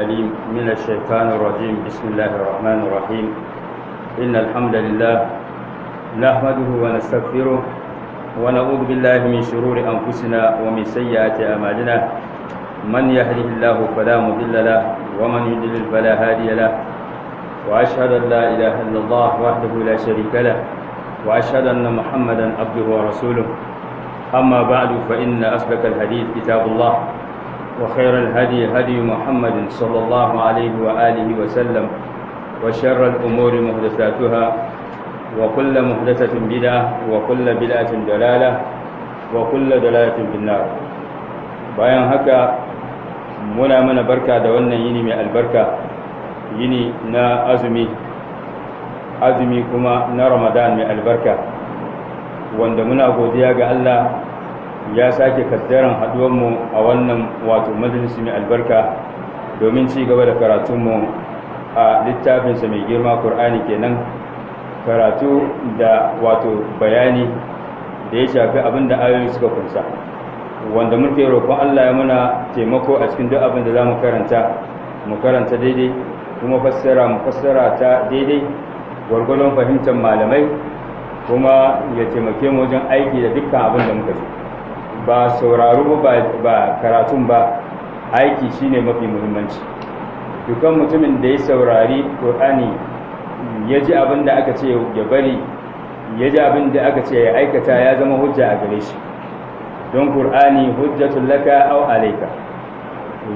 الأليم من الشيطان الرجيم بسم الله الرحمن الرحيم إن الحمد لله نحمده ونستغفره ونعوذ بالله من شرور أنفسنا ومن سيئات أعمالنا من يهده الله فلا مضل له ومن يضلل فلا هادي له وأشهد أن لا إله إلا الله وحده لا شريك له وأشهد أن محمدا عبده ورسوله أما بعد فإن أصدق الحديث كتاب الله وخير الهدي هدي محمد صلى الله عليه وآله وسلم وشر الأمور محدثاتها وكل محدثة بدعة وكل بدعة دلالة وكل دلالة في bayan haka muna mana barka da wannan yini mai albarka yini na azumi azumi kuma na ramadan mai albarka wanda muna godiya ga Allah ya sake kaddaran mu a wannan wato majalisi mai albarka domin ci gaba da karatunmu a littafinsa mai girma ƙur'ani kenan karatu da wato bayani da ya shafi abin da ayoyi suka kunsa wanda muke roƙon Allah ya muna taimako a cikin duk abin da za mu karanta mu karanta daidai kuma fassara mu fassara ta daidai gwargwadon fahimtar malamai kuma ya taimake mu wajen aiki da dukkan abin da muka ji ba sauraro ba ba karatun ba aiki shine mafi muhimmanci Dukkan mutumin da ya saurari ƙorani ya ji abin da aka ce ya bari ya ji abin da aka ce ya aikata ya zama hujja a gare shi don ƙorani hujja laka au alaika.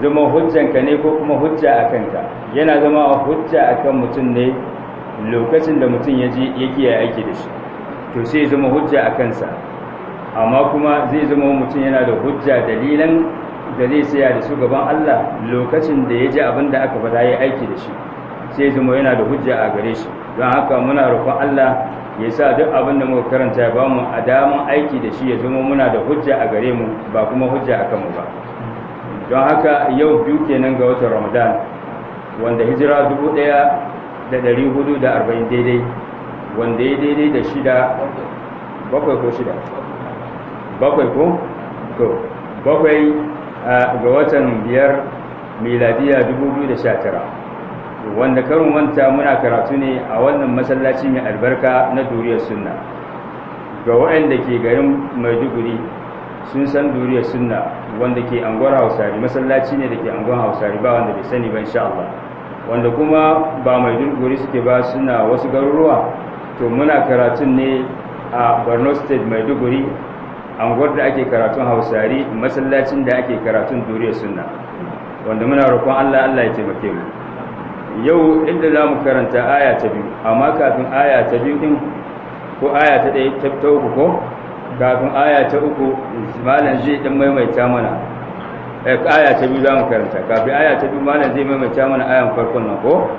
zama hujjanka ne ko kuma hujja a kanka yana zama hujja a kan mutum ne lokacin da mutum ya ji ya aiki da shi to sai zama hujja a kansa amma kuma zai zama mutum yana da hujja dalilan da zai tsaya da su gaban Allah lokacin da ya ji abin da aka fada ya aiki da shi sai zama yana da hujja a gare shi don haka muna roƙon Allah ya sa duk abin da muka karanta ya bamu a daman aiki da shi ya zama muna da hujja a gare mu ba kuma hujja a kanmu ba don haka yau biyu kenan ga watan Ramadan wanda hijira dubu ɗaya da ɗari hudu da arba'in daidai wanda ya daidai da shida bakwai ko shida bakwai ko to bakwai ga watan biyar miladiya 2019 wanda karin wanta muna karatu ne a wannan masallaci mai albarka na duriyar sunna ga waɗanda ke garin maiduguri sun san duriyar sunna wanda ke anguwar hausari masallaci ne da ke anguwar hausari ba wanda bai sani ba insha Allah wanda kuma ba maiduguri suke ba suna wasu garuruwa to muna karatun ne a borno state maiduguri anguwar da ake karatun hausari masallacin da ake karatun duriyar suna wanda muna roƙon Allah Allah ya taimake mu yau inda za mu karanta aya ta biyu amma kafin aya ta biyu din ko aya ta ɗaya ta uku ko kafin aya ta uku malam zai ɗan maimaita mana eh, aya ta biyu za mu karanta kafin aya ta biyu malam zai maimaita mana ayan farkon nan ko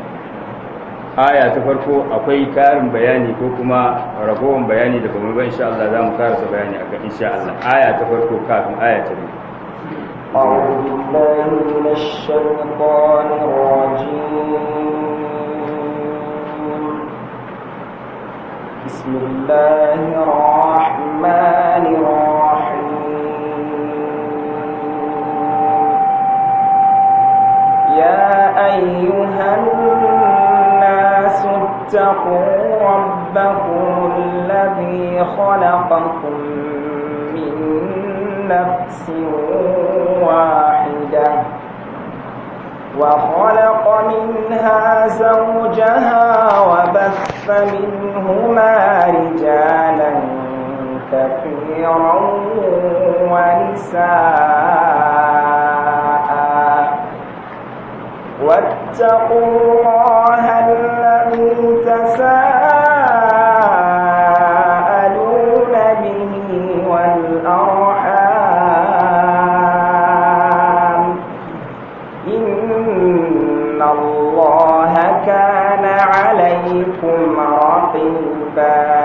aya ta farko akwai karin bayani ko kuma ragowar bayani da kuma insha Allah za mu karasa bayani akan insha Allah aya ta farko kafin aya ta biyu أعوذ بالله بسم الله الرحمن الرحيم يا أيها الناس اتقوا ربكم الذي خلقكم من نفس واحدة وخلق منها زوجها وبث منهما رجالا كثيرا ونساء واتقوا الله الذي تساءلون به والأرحام إن الله كان عليكم رقيبا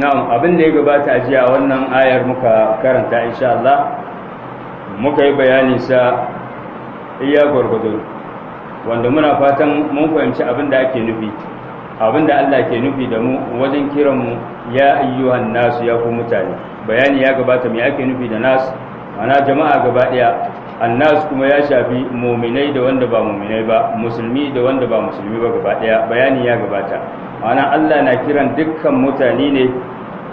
نعم abin da ya gabata a jiya wannan ayar muka karanta insha Allah muka yi bayani sa iya gwargwado wanda muna fatan mun fahimci abin da ake nufi abin da Allah ke nufi da mu wajen kiran mu ya ayyuhan nasu ya ku mutane bayani ya gabata me ake nufi da nasu ana jama'a gaba daya annas kuma ya shafi muminai da wanda ba muminai ba musulmi da wanda ba musulmi ba gaba daya bayani ya gabata ana Allah na kiran dukkan mutane ne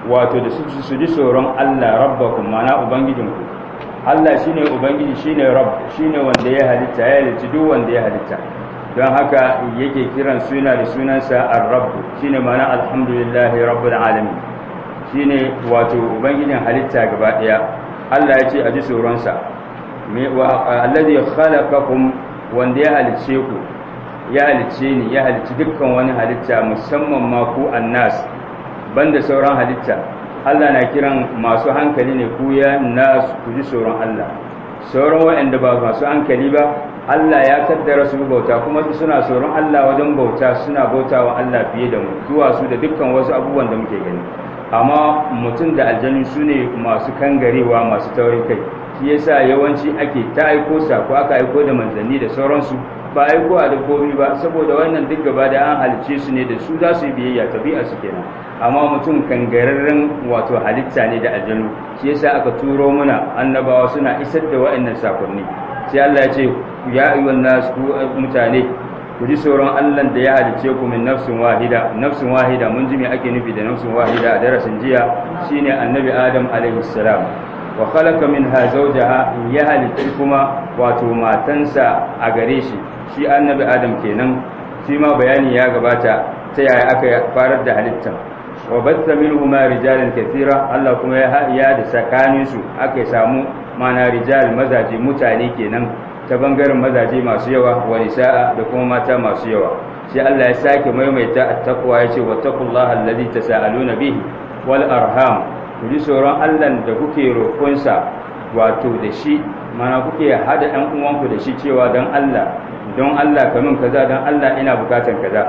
wato da su ji tsoron Allah rabbakum mana ubangijinku Allah ne ubangiji rab shi ne wanda ya halitta ya halitta duk wanda ya halitta don haka yake kiran suna da sunansa ar-rabb shine mana alhamdulillahi rabbil alamin ne wato ubangijin halitta gaba ɗaya Allah ya ce a ji tsoron sa alladhi khalaqakum wanda ya halice ku ya halice ni ya halici dukkan wani halitta musamman ma ku annas banda sauran halitta Allah na kiran masu hankali ne ku ya nasu ku ji tsoron Allah sauran waɗanda ba masu hankali ba Allah ya kaddara su bauta kuma suna tsoron Allah wajen bauta suna bauta wa Allah fiye da mu zuwa su da dukkan wasu abubuwan da muke gani amma mutum da aljanu su ne masu kangarewa masu taurin kai shi yasa yawanci ake ta aiko ko aka aiko da manzanni da sauransu ba a yi ko a dabbobi ba saboda wannan duk gaba da an halice su ne da su za su yi biyayya a su kenan amma mutum kangararren wato halitta ne da aljanu shi yasa aka turo muna annabawa suna isar da wa'annan sakonni sai Allah ya ce ya ayyuhan nas ku mutane ku ji sauran Allah da ya halice ku min nafsin wahida nafsin wahida mun ji me ake nufi da nafsin wahida a darasin jiya shine annabi Adam alaihi salam wa khalaqa minha zawjaha ya halice kuma wato matansa a gare shi shi annabi adam kenan shi ma bayani ya gabata ta yaya aka farar da halittar wa batta ma rijalan kathira Allah kuma ya haɗiya da tsakanin su aka samu mana rijal mazaje mutane kenan ta bangaren mazaje masu yawa wa nisa'a da kuma mata masu yawa sai Allah ya sake maimaita at-taqwa yace wa taqullaha allazi tasaluna bihi wal arham ku ji tsoron Allah da kuke roƙonsa wato da shi mana kuke hada ɗan uwanku da shi cewa don Allah don Allah ka min kaza don Allah ina bukatar kaza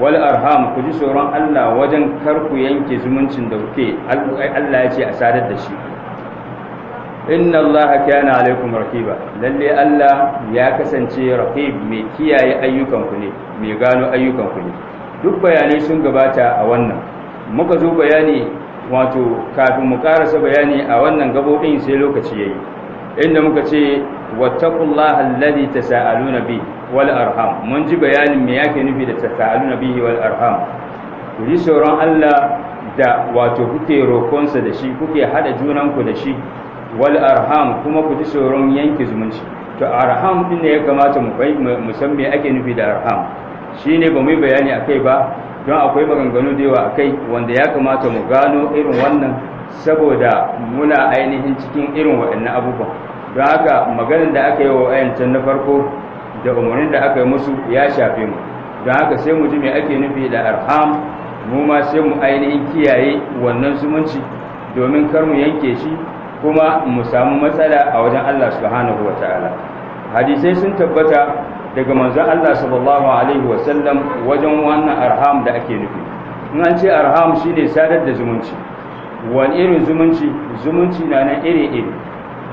wal arham ku ji tsoron Allah wajen kar ku yanke zumuncin da kuke Allah ya ce a sadar da shi inna Allah kana alaikum raqiba lalle Allah ya kasance raqib mai kiyaye ayyukan ku ne mai gano ayyukan ku ne duk bayanai sun gabata a wannan muka zo bayani wato kafin mu karasa bayani a wannan gabobin sai lokaci yayi inda muka ce wattaqullaha alladhi tasaaluna bi wal arham mun ji bayanin me yake nufi da tasaaluna bihi wal arham ku yi tsoron Allah da wato kuke rokonsa da shi kuke hada junanku da shi wal arham kuma ku ji tsoron yanke zumunci to arham din ne ya kamata mu san me ake nufi da arham shine ba mu bayani akai ba don akwai maganganu da yawa a kai wanda ya kamata mu gano irin wannan saboda muna ainihin cikin irin waɗannan abubuwan don haka maganin da aka yi wa wayancan na farko da umarnin da aka yi musu ya shafe mu don haka sai mu ji me ake nufi da arham mu ma sai mu ainihin kiyaye wannan zumunci domin kar mu yanke shi kuma mu samu matsala a wajen Allah subhanahu wataala hadisai sun tabbata daga manzon Allah sallallahu alaihi sallam) wajen wannan arham da ake nufi in an ce arham shine sadar da zumunci wani irin zumunci zumunci na nan iri-iri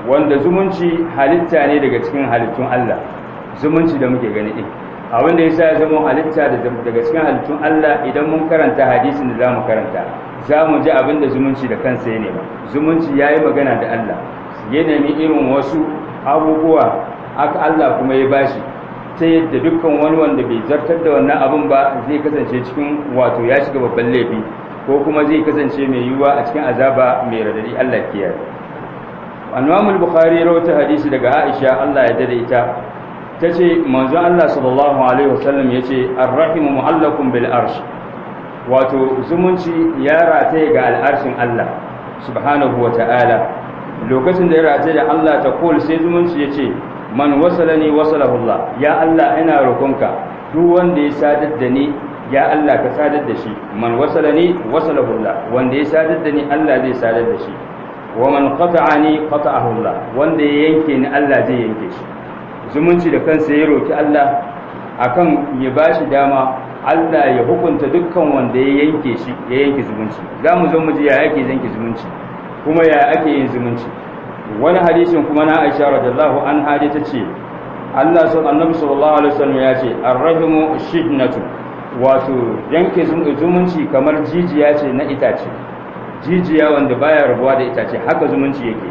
wanda zumunci halitta ne daga cikin halittun Allah zumunci da muke gani din abin da yasa ya zama halitta daga cikin halittun Allah idan mun karanta hadisin da zamu karanta za mu ji abin da zumunci da kansa ya nema zumunci yayi magana da Allah ya nemi irin wasu abubuwa aka Allah kuma ya bashi ta yadda dukkan wani wanda bai zartar da wannan abin ba zai kasance cikin wato ya shiga babban laifi ko kuma zai kasance mai yiwuwa a cikin azaba mai radadi Allah kiyaye Imam al-Bukhari rawata hadisi daga Aisha Allah ya dade ita tace manzon Allah sallallahu alaihi wasallam yace ar-rahimu mu'allaqun bil arsh wato zumunci ya rataye ga al-arshin Allah subhanahu wa ta'ala lokacin da ya rataye da Allah ta kul sai zumunci yace man wasalani wasalahullah ya Allah ina roƙonka duk wanda ya sadar da ni ya Allah ka sadar da shi man wasalani wasalahullah wanda ya sadar da ni Allah zai sadar da shi wa man qata'ani qata'ahullah wanda ya yanke ni Allah zai yanke shi zumunci da kansa ya roki Allah akan ya bashi dama Allah ya hukunta dukkan wanda ya yanke shi ya yanke zumunci za mu zo mu ji ya ake yanke zumunci kuma ya ake yin zumunci wani hadisin kuma na Aisha radiyallahu hadi ta ce, Allah sun annabi sallallahu alaihi wasallam ya ce arrahimu shidnatu wato yanke zumunci kamar jijiya ce na itace jijiya wanda baya rabuwa da itace haka zumunci yake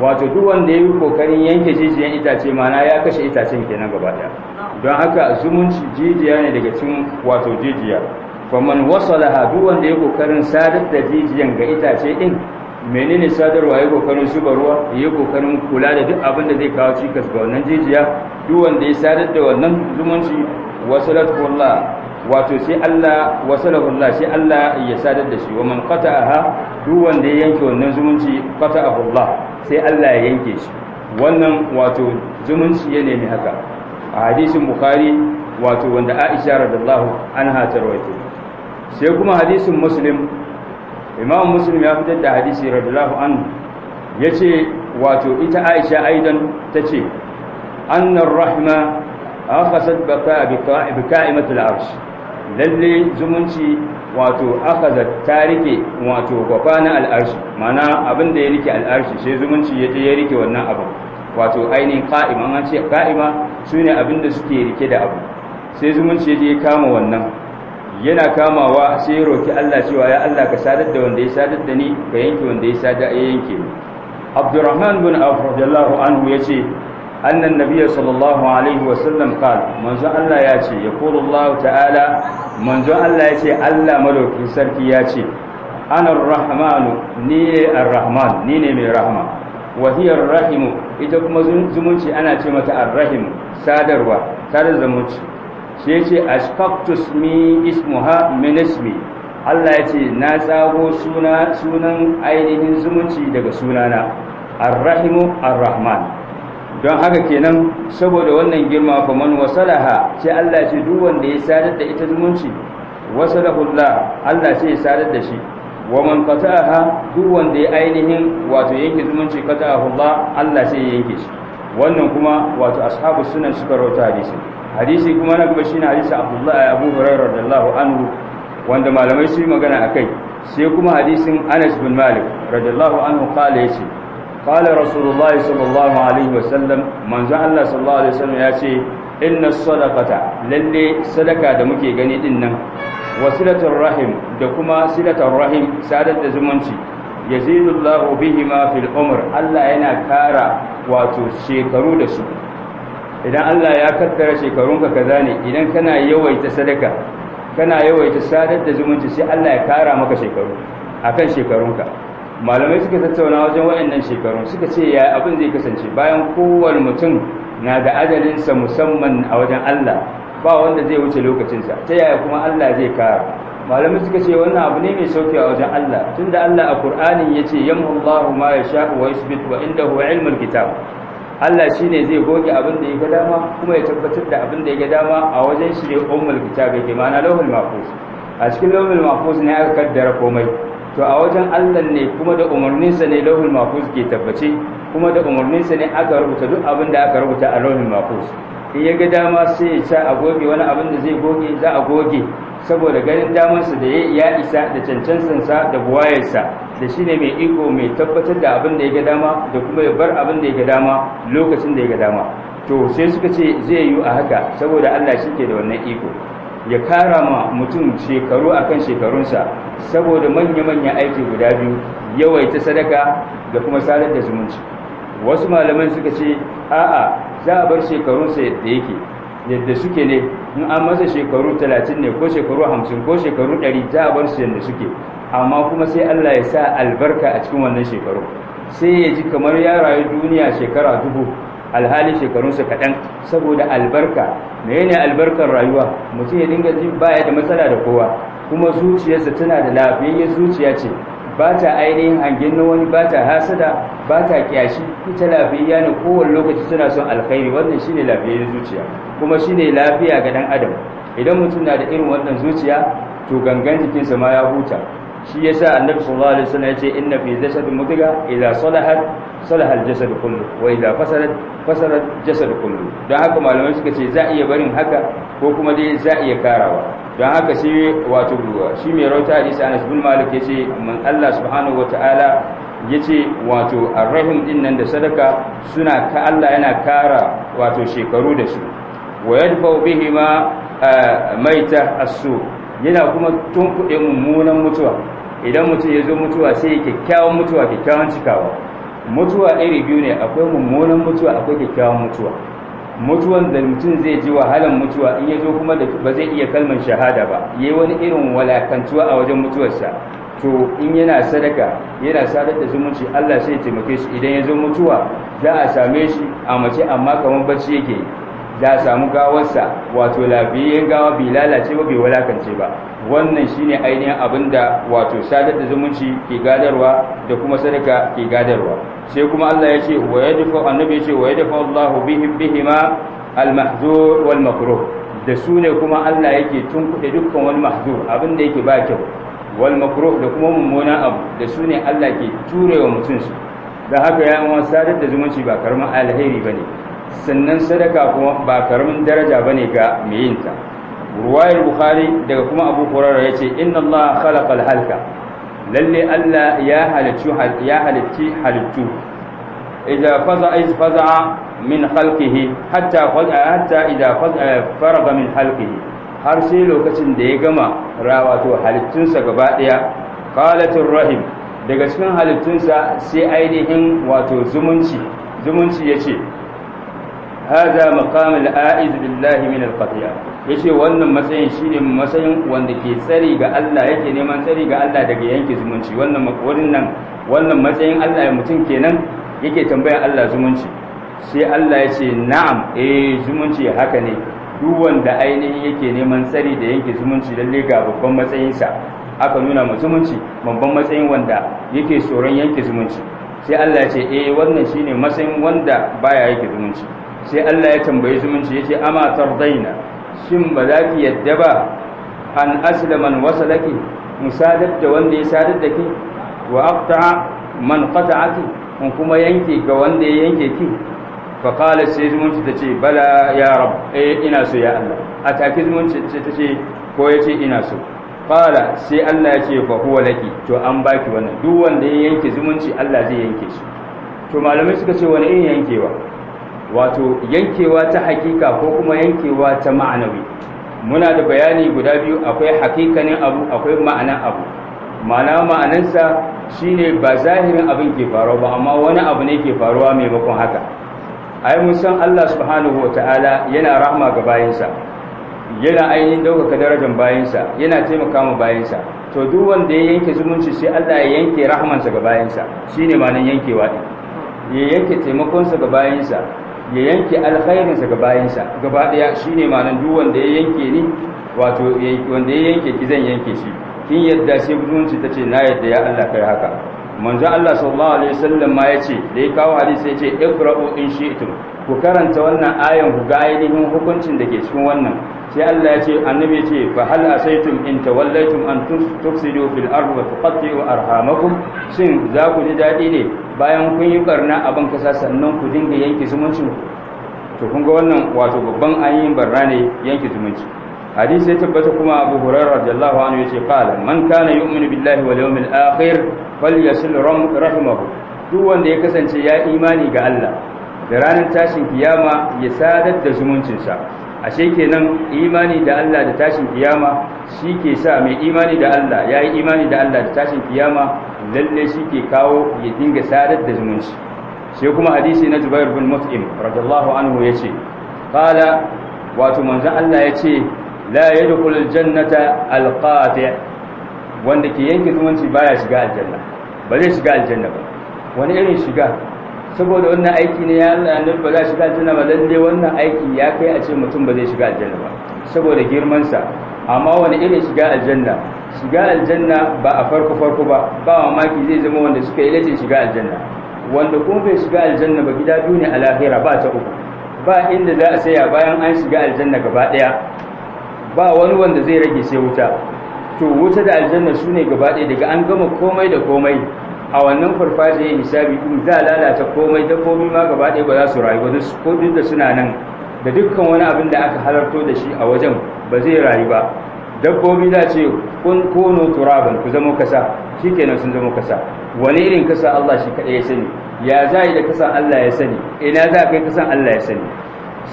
wato duk wanda ya kokarin yanke jijiyan itace mana ya kashe itacen kenan gaba daya don haka zumunci jijiya ne daga cikin wato jijiya faman wasalaha duk wanda ya kokarin sadar da jijiyan ga itace din menene sadarwa ya kokarin zuba ruwa ya kokarin kula da duk abin da zai kawo cikas ga wannan jijiya duk wanda ya sadar da wannan zumunci wasalatullah wato sai Allah wasalahullah sai Allah ya sadar da shi wa man qata'aha duk wanda ya yanke wannan zumunci qata'ahullah sai Allah ya yanke shi wannan wato zumunci ya ne haka a hadisin bukhari wato wanda Aisha radhiyallahu anha ta rawaito sai kuma hadisin muslim imam muslim ya fitar da hadisi radiyallahu anhu yace wato ita aisha aidan tace annar rahma akhasat baka bi ka'imat al-arsh lalle zumunci wato akhazat tarike wato gwafana na arsh mana abin da ya rike al sai zumunci ya ya rike wannan abin wato ainihin ka'ima an ce ka'ima sune abin da suke rike da abu sai zumunci ya je ya kama wannan yana kamawa sai ya roki Allah cewa ya Allah ka sadar da wanda ya sadar da ni ka yanke wanda ya sadar ya yanke ni Abdurrahman bin Auf radiyallahu anhu yace annan nabiyyu sallallahu alaihi wa sallam qala manzo Allah ya ce yaqulu Allah ta'ala manzo Allah ya ce Allah madaukakin sarki ya ce ana rahmanu ni ar-rahman ni ne mai rahma wa hiya rahimu ita kuma zumunci ana ce mata ar-rahim sadarwa sadar zumunci sai ce asfaktus mi ismuha minismi. Allah ya ce na tsago suna sunan ainihin zumunci daga sunana arrahimu arrahman don haka kenan saboda wannan girma faman wasalaha sai Allah ya ce duk wanda ya sadar da ita zumunci wasalahullah Allah sai ya sadar da shi wa man qata'aha duk wanda ya ainihin wato yanke zumunci qata'ahullah Allah sai ya yanke shi wannan kuma wato ashabu sunan suka rawaita hadisi hadisi kuma na gaba shine hadisi abdullahi eh, abu hurairah radiyallahu anhu wanda malamai su yi magana akai sai kuma hadisin anas bin malik radiyallahu anhu qala yace qala rasulullahi sallallahu alaihi sallam, manzo Allah sallallahu alaihi wasallam yace inna sadaqata lalle sadaka da muke gani din nan wasilatul rahim da kuma silatul rahim sadar da zumunci yazidullahu bihima fil umr Allah yana kara wato shekaru da su idan Allah ya kaddara shekarunka kaza ne idan kana yawaita sadaka kana yawaita sadar da zumunci sai Allah ya kara maka shekaru akan shekarunka malamai suka tattauna wajen waɗannan shekaru suka ce ya abin zai kasance bayan kowane mutum na da ajalinsa musamman a wajen Allah ba wanda zai wuce lokacinsa ta yaya kuma Allah zai kara malamai suka ce wannan abu ne mai sauki a wajen Allah tunda Allah a Qur'anin yace yamhu Allahu ma yasha'u wa yuthbit wa indahu ilmul kitab Allah shi ne zai goge abin da ya ga dama kuma ya tabbatar da abin da ya ga dama a wajen shi ne ummul kitab yake ma'ana lawul mahfuz a cikin lawul mahfuz ne aka kaddara komai to a wajen Allah ne kuma da umarninsa ne lawul mahfuz ke tabbace kuma da umarninsa ne aka rubuta duk abin da aka rubuta a lawul mahfuz in ya ga dama sai ya sa a goge wani abin da zai goge za a goge saboda ganin damarsa da ya isa da cancansansa da buwayarsa da shi ne mai iko mai tabbatar da abin da ya ga dama da kuma ya bar abin da ya ga dama lokacin da ya ga dama to sai suka ce zai yi a haka saboda Allah shi ke da wannan iko ya kara ma mutum shekaru akan shekarunsa saboda manya manya aiki guda biyu yawaita sadaka da kuma sadar da zumunci wasu malaman suka ce a'a za a bar shekarunsa yadda yake yadda suke ne in an masa shekaru talatin ne ko shekaru hamsin ko shekaru ɗari za a bar su yadda suke amma kuma sai Allah ya sa albarka a cikin wannan shekaru sai ya ji kamar ya rayu duniya shekara dubu alhali shekarunsa kaɗan saboda albarka menene albarkar rayuwa mutum ya dinga jin baya da matsala da kowa kuma zuciyarsa tana da lafiyayyen zuciya ce ba ta ainihin hangen na wani ba ta hasada ba ta kyashi ita lafiyayya ne kowane lokaci suna son alkhairi wannan shine lafiyayyar zuciya kuma shine lafiya ga dan adam idan mutum na da irin wannan zuciya to gangan jikinsa ma ya huta shi ya sa annabi sallallahu alaihi wasallam yace inna fi jasadi mudga idza salahat salaha al-jasad kullu wa idza fasadat fasadat jasad kullu don haka malamai suka ce za iya barin haka ko kuma dai za iya karawa don haka shi wato ruwa shi mai rauta hadisi Anas bin Malik yace man Allah subhanahu wataala yace wato arrahim din nan da sadaka suna ka Allah yana kara wato shekaru da su wa yadfa bihima maita as-su yana kuma tunkuɗe mummunan mutuwa idan mutum ya zo mutuwa sai ya kyakkyawan mutuwa kyakkyawan cikawa mutuwa iri biyu ne akwai mummunan mutuwa akwai kyakkyawan mutuwa mutuwan da mutum zai ji wahalan mutuwa in ya zo kuma da ba zai iya kalmar shahada ba yayi wani irin walakantuwa a wajen mutuwarsa to in yana sadaka yana sadar da zumunci Allah sai ya taimake shi idan ya zo mutuwa za a same shi a mace amma kamar bacci yake da a samu gawarsa wato lafiyayyen gawa bai lalace ba bai walakance ba wannan shine ainihin abin da wato sadar da zumunci ke gadarwa da kuma sadaka ke gadarwa sai kuma Allah ya ce wa yadfa annabi ya ce wa yadfa Allahu bihim bihima al-mahzur wal makruh da su ne kuma Allah yake tunkuɗe dukkan wani mahzur abin da yake ba kyau wal makruh da kuma mummunan abu da su ne Allah ke turewa mutum su da haka ya amma sadar da zumunci ba karamin alheri bane sannan sadaka kuma ba karamin daraja bane ga mai yin ta ruwayar bukhari daga kuma abu ya ce, inna allaha khalaqal halka lalle allah ya halicci ya halicci halittu idza faza iz faza min khalqihi hatta hatta idza faraga min khalqihi har sai lokacin da ya gama rawato halittunsa gaba daya qalatur rahim daga cikin halittunsa sai ainihin wato zumunci zumunci yace hada maqamul a'iz billahi min al-qati'a yace wannan matsayin shine matsayin wanda ke tsari ga Allah yake neman tsari ga Allah daga yanke zumunci wannan makorin nan wannan matsayin Allah ya mutum kenan yake tambayar Allah zumunci sai Allah ya ce na'am eh zumunci haka ne duk wanda ainihin yake neman tsari da yanke zumunci lalle ga babban matsayinsa aka nuna mu zumunci babban matsayin wanda yake tsoron yanke zumunci sai Allah ya ce eh wannan shine matsayin wanda baya yake zumunci sai Allah ya tambaye zumunci ya yace ama tardaina shin ba za ki yadda ba an aslaman wasalaki in sadar da wanda ya sadar da ki wa aqta'a man qata'aki in kuma yanke ga wanda ya yanke ki fa qala sai zumunci ce bala ya rab eh ina so ya Allah a take zumunci ce ko ya ce ina so qala sai Allah ya ce fa huwa laki to an baki wannan duk wanda ya yanke zumunci Allah zai yanke shi to malamai suka ce wani irin yankewa wato yankewa ta hakika ko kuma yankewa ta ma'anawi muna da bayani guda biyu akwai hakikanin abu akwai ma'anan abu ma'ana ma'anansa shine ba zahirin abin ke faruwa ba amma wani abu ne ke faruwa maimakon haka ai mun san Allah subhanahu wataala yana rahma ga bayinsa yana ainihin ɗaukaka darajar bayinsa yana taimaka mu bayinsa to duk wanda ya yanke zumunci sai Allah ya yanke rahmansa ga bayinsa shine ma'anan yankewa din ya yanke taimakonsa ga bayinsa ya yanke alkhairinsa ga bayansa gaba daya shine malan duk wanda ya yanke ni wato wanda ya yanke ki zan yanke shi kin yadda sai gudunci tace na yadda ya Allah kai haka manzo Allah sallallahu alaihi wasallam ma yace da ya kawo hadisi yace iqra'u in shi'tum ku karanta wannan ayan ku ga ainihin hukuncin da ke cikin wannan sai Allah ya ce annabi ce fa hal asaitum in tawallaitum an tufsidu fil ardi wa tuqatti'u arhamakum shin za ku ji dadi ne bayan kun yi barna abin kasa sannan ku dinga yanke zumuncin to kun ga wannan wato babban ainihin barna ne yanke zumunci hadisi ya tabbata kuma abu hurairar radiyallahu anhu yace qala man kana yu'minu billahi wal yawmil akhir falyasil rahimahu duk wanda ya kasance ya imani ga Allah da ranar tashin kiyama ya sadar da zumuncinsa ashe kenan imani da Allah da tashin kiyama shi ke sa mai imani da Allah ya yi imani da Allah da tashin kiyama lalle shi ke kawo ya dinga sadar da zumunci sai kuma hadisi na zubair bin Mut'im radiyallahu anhu yace kala, wato manzon Allah yace la yadkhul aljannata alqati wanda ke yanke zumunci baya shiga aljanna ba zai shiga aljanna ba wani irin shiga saboda wannan aiki ne ya Allah annabi ba za shiga aljanna ba dai wannan aiki ya kai a ce mutum ba zai shiga aljanna ba saboda girman sa amma wani irin shiga aljanna shiga aljanna ba a farko farko ba ba mamaki zai zama wanda suka yi lacin shiga aljanna wanda kuma bai shiga aljanna ba gida biyu ne a lahira ba ta uku ba inda za a saya bayan an shiga aljanna gaba daya ba wani wanda zai rage sai wuta to wuta da aljanna su ne gaba ɗaya daga an gama komai da komai a wannan farfajiyar hisabi ɗin za lalata komai dabbobi ma gaba ɗaya ba za su rayu wani ko duk da suna nan da dukkan wani abin da aka halarto da shi a wajen ba zai rayu ba dabbobi za ce kun kono turaban ku zamo kasa shikenan sun zamo kasa wani irin kasa Allah shi kaɗai ya sani ya za yi da kasan Allah ya sani ina za kai kasan Allah ya sani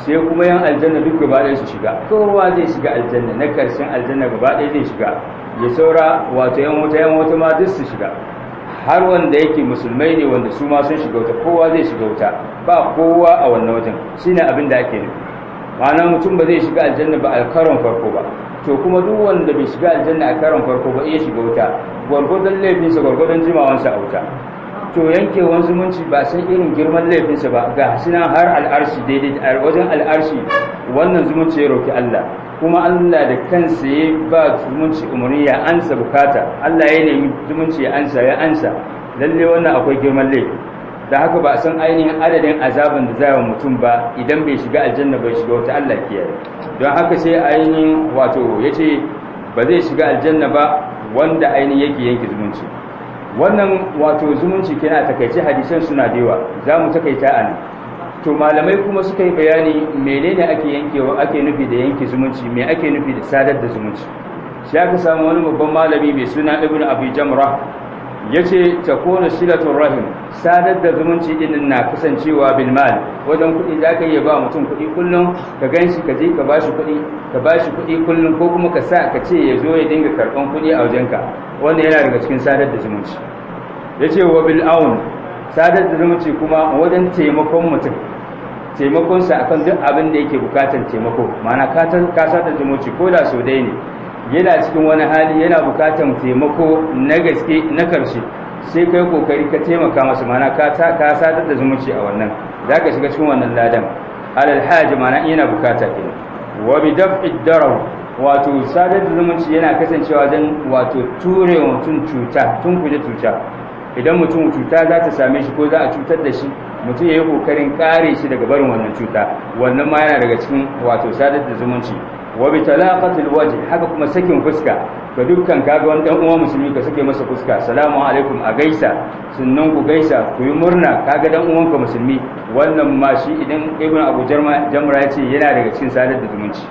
sai kuma yan aljanna duk gaba ɗaya su shiga kowa zai shiga aljanna na karshen aljanna gaba ɗaya zai shiga ya saura wato yan wuta yan wuta ma duk su shiga har wanda yake musulmai ne wanda su ma sun shiga wuta kowa zai shiga wuta ba kowa a wannan wajen shine abin da ake nufi ma'ana mutum ba zai shiga aljanna ba a farko ba to kuma duk wanda bai shiga aljanna a karon farko ba iya shiga wuta gwargwadon laifinsa gwargwadon jimawansa a wuta to yankewan zumunci ba san irin girman laifinsa ba ga hasina har al'arshi daidai wajen al'arshi wannan zumunci ya roki Allah kuma Allah da kansa ya ba zumunci umarni ya ansa bukata Allah ya nemi zumunci ya ansa ya ansa lalle wannan akwai girman laifi da haka ba a san ainihin adadin azabin da zai wa mutum ba idan bai shiga aljanna bai shiga wata Allah kiyaye don haka sai ainihin wato yace ba zai shiga aljanna ba wanda ainihin yake yanke zumunci wannan wato zumunci kenan a takaice hadisan suna da yawa za mu takaita a nan to malamai kuma suka yi bayani menene ake yankewa ake nufi da yanke zumunci me ake nufi da sadar da zumunci shi aka samu wani babban malami mai suna ibn abi jamra yace ta kona silatul rahim sadar da zumunci din na kasancewa bil mal wajen kuɗi za ka iya ba mutum kuɗi kullum ka ganshi ka je ka bashi kuɗi ka bashi kuɗi kullum ko kuma ka sa ka ce ya zo ya dinga karɓan kuɗi a wajenka wannan yana daga cikin sadar da zumunci yace wa bil aun sadar da zumunci kuma wajen taimakon mutum taimakonsa akan duk abin da yake bukatar taimako ma'ana ka ta zumunci ko da so dai ne yana cikin wani hali yana bukatar taimako na gaske na karshe sai kai kokari ka taimaka masa ma'ana ka ka da zumunci a wannan zaka shiga cikin wannan ladan alal haji ma'ana yana bukata ke. wa bi daf'i daraw wato sadar da zumunci yana kasancewa dan wato ture mutum cuta tun kuje cuta idan mutum cuta za ta same shi ko za a cutar da shi mutum ya yi kokarin kare shi daga barin wannan cuta wannan ma yana daga cikin wato sadar da zumunci wa bi talaqatil wajh haka kuma sakin fuska ga dukkan kaga wani dan uwa musulmi ka sake masa fuska assalamu alaikum a gaisa sunnan ku gaisa ku yi murna kaga dan uwan ka musulmi wannan ma shi idan ibnu abu jarma jamra yace yana daga cikin sadar da zumunci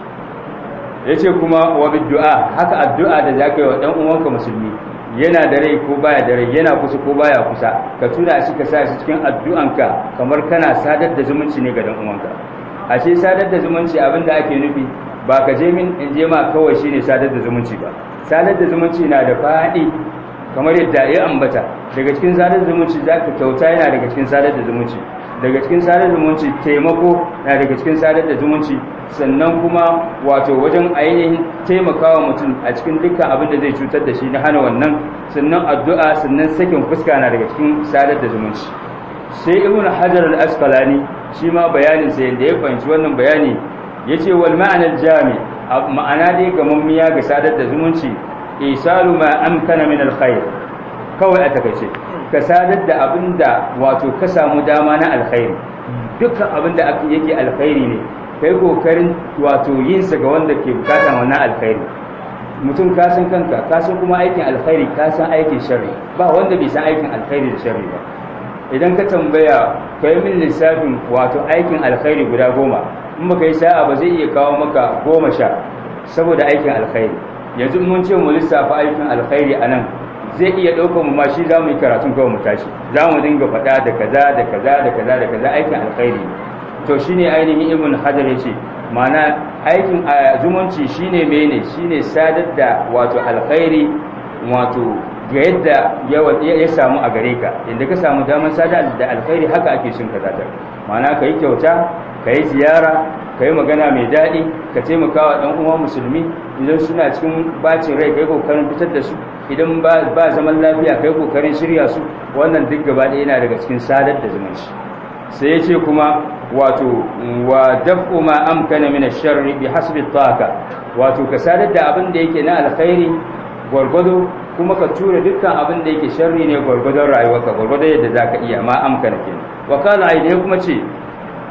yace kuma wa bi du'a haka addu'a da zaka yi wa dan uwan ka musulmi yana da rai ko baya da rai yana kusa ko baya kusa ka tura shi ka sa shi cikin addu'anka kamar kana sadar da zumunci ne ga dan uwanka ashe sadar da zumunci abin da ake nufi ba ka je min in je ma kawai shine sadar da zumunci ba sadar da zumunci na da fadi kamar yadda ya ambata daga cikin sadar da zumunci zaka kyauta yana daga cikin sadar da zumunci daga cikin sadar zumunci taimako na daga cikin sadar da zumunci sannan kuma wato wajen ainihin taimakawa mutum a cikin dukkan abin da zai cutar da shi na hana wannan sannan addu'a sannan sakin fuska na daga cikin sadar da zumunci sai ibn hajar al-asqalani shi ma bayanin sa yanda ya fahimci wannan bayani yace wal ma'ana al-jami ma'ana dai gamammiya ga sadar da zumunci isalu ma amkana min al kawai a takaice ka sadar da abin da wato ka samu dama na alkhairi dukkan abin da yake alkhairi ne kai kokarin wato yin sa ga wanda ke bukata wannan alkhairi mutum ka san kanka ka san kuma aikin alkhairi ka san aikin sharri ba wanda bai san aikin alkhairi da sharri ba idan ka tambaya kai min lissafin wato aikin alkhairi guda goma in baka yi sa'a ba zai iya kawo maka goma sha saboda aikin alkhairi yanzu mun ce mu lissafa aikin alkhairi a nan zai iya ɗaukar mu ma shi za mu yi karatun kawai mu tashi za mu dinga faɗa da kaza da kaza da kaza da kaza aikin alkhairi to shine ainihin ibn hajar ya ce ma'ana aikin zumunci shine mene shine sadar da wato alkhairi wato ga yadda ya samu a gare ka inda ka samu damar sadar da alkhairi haka ake shin kazatar ma'ana ka yi kyauta ka yi ziyara ka yi magana mai daɗi ka taimaka wa ɗan uwa musulmi idan suna cikin bacin rai ka yi ƙoƙarin fitar da su idan ba zaman lafiya kai kokarin shirya su wannan duk gaba ɗaya yana daga cikin sadar da zumunci sai ya ce kuma wato wa dab'u ma amkana min ash-sharri bi hasbi taqa wato ka sadar da abin da yake na alkhairi gwargwado kuma ka tura dukkan abin da yake sharri ne gwargwadon rayuwarka gwargwado yadda zaka iya ma amkana ke." wa kana aidai kuma ce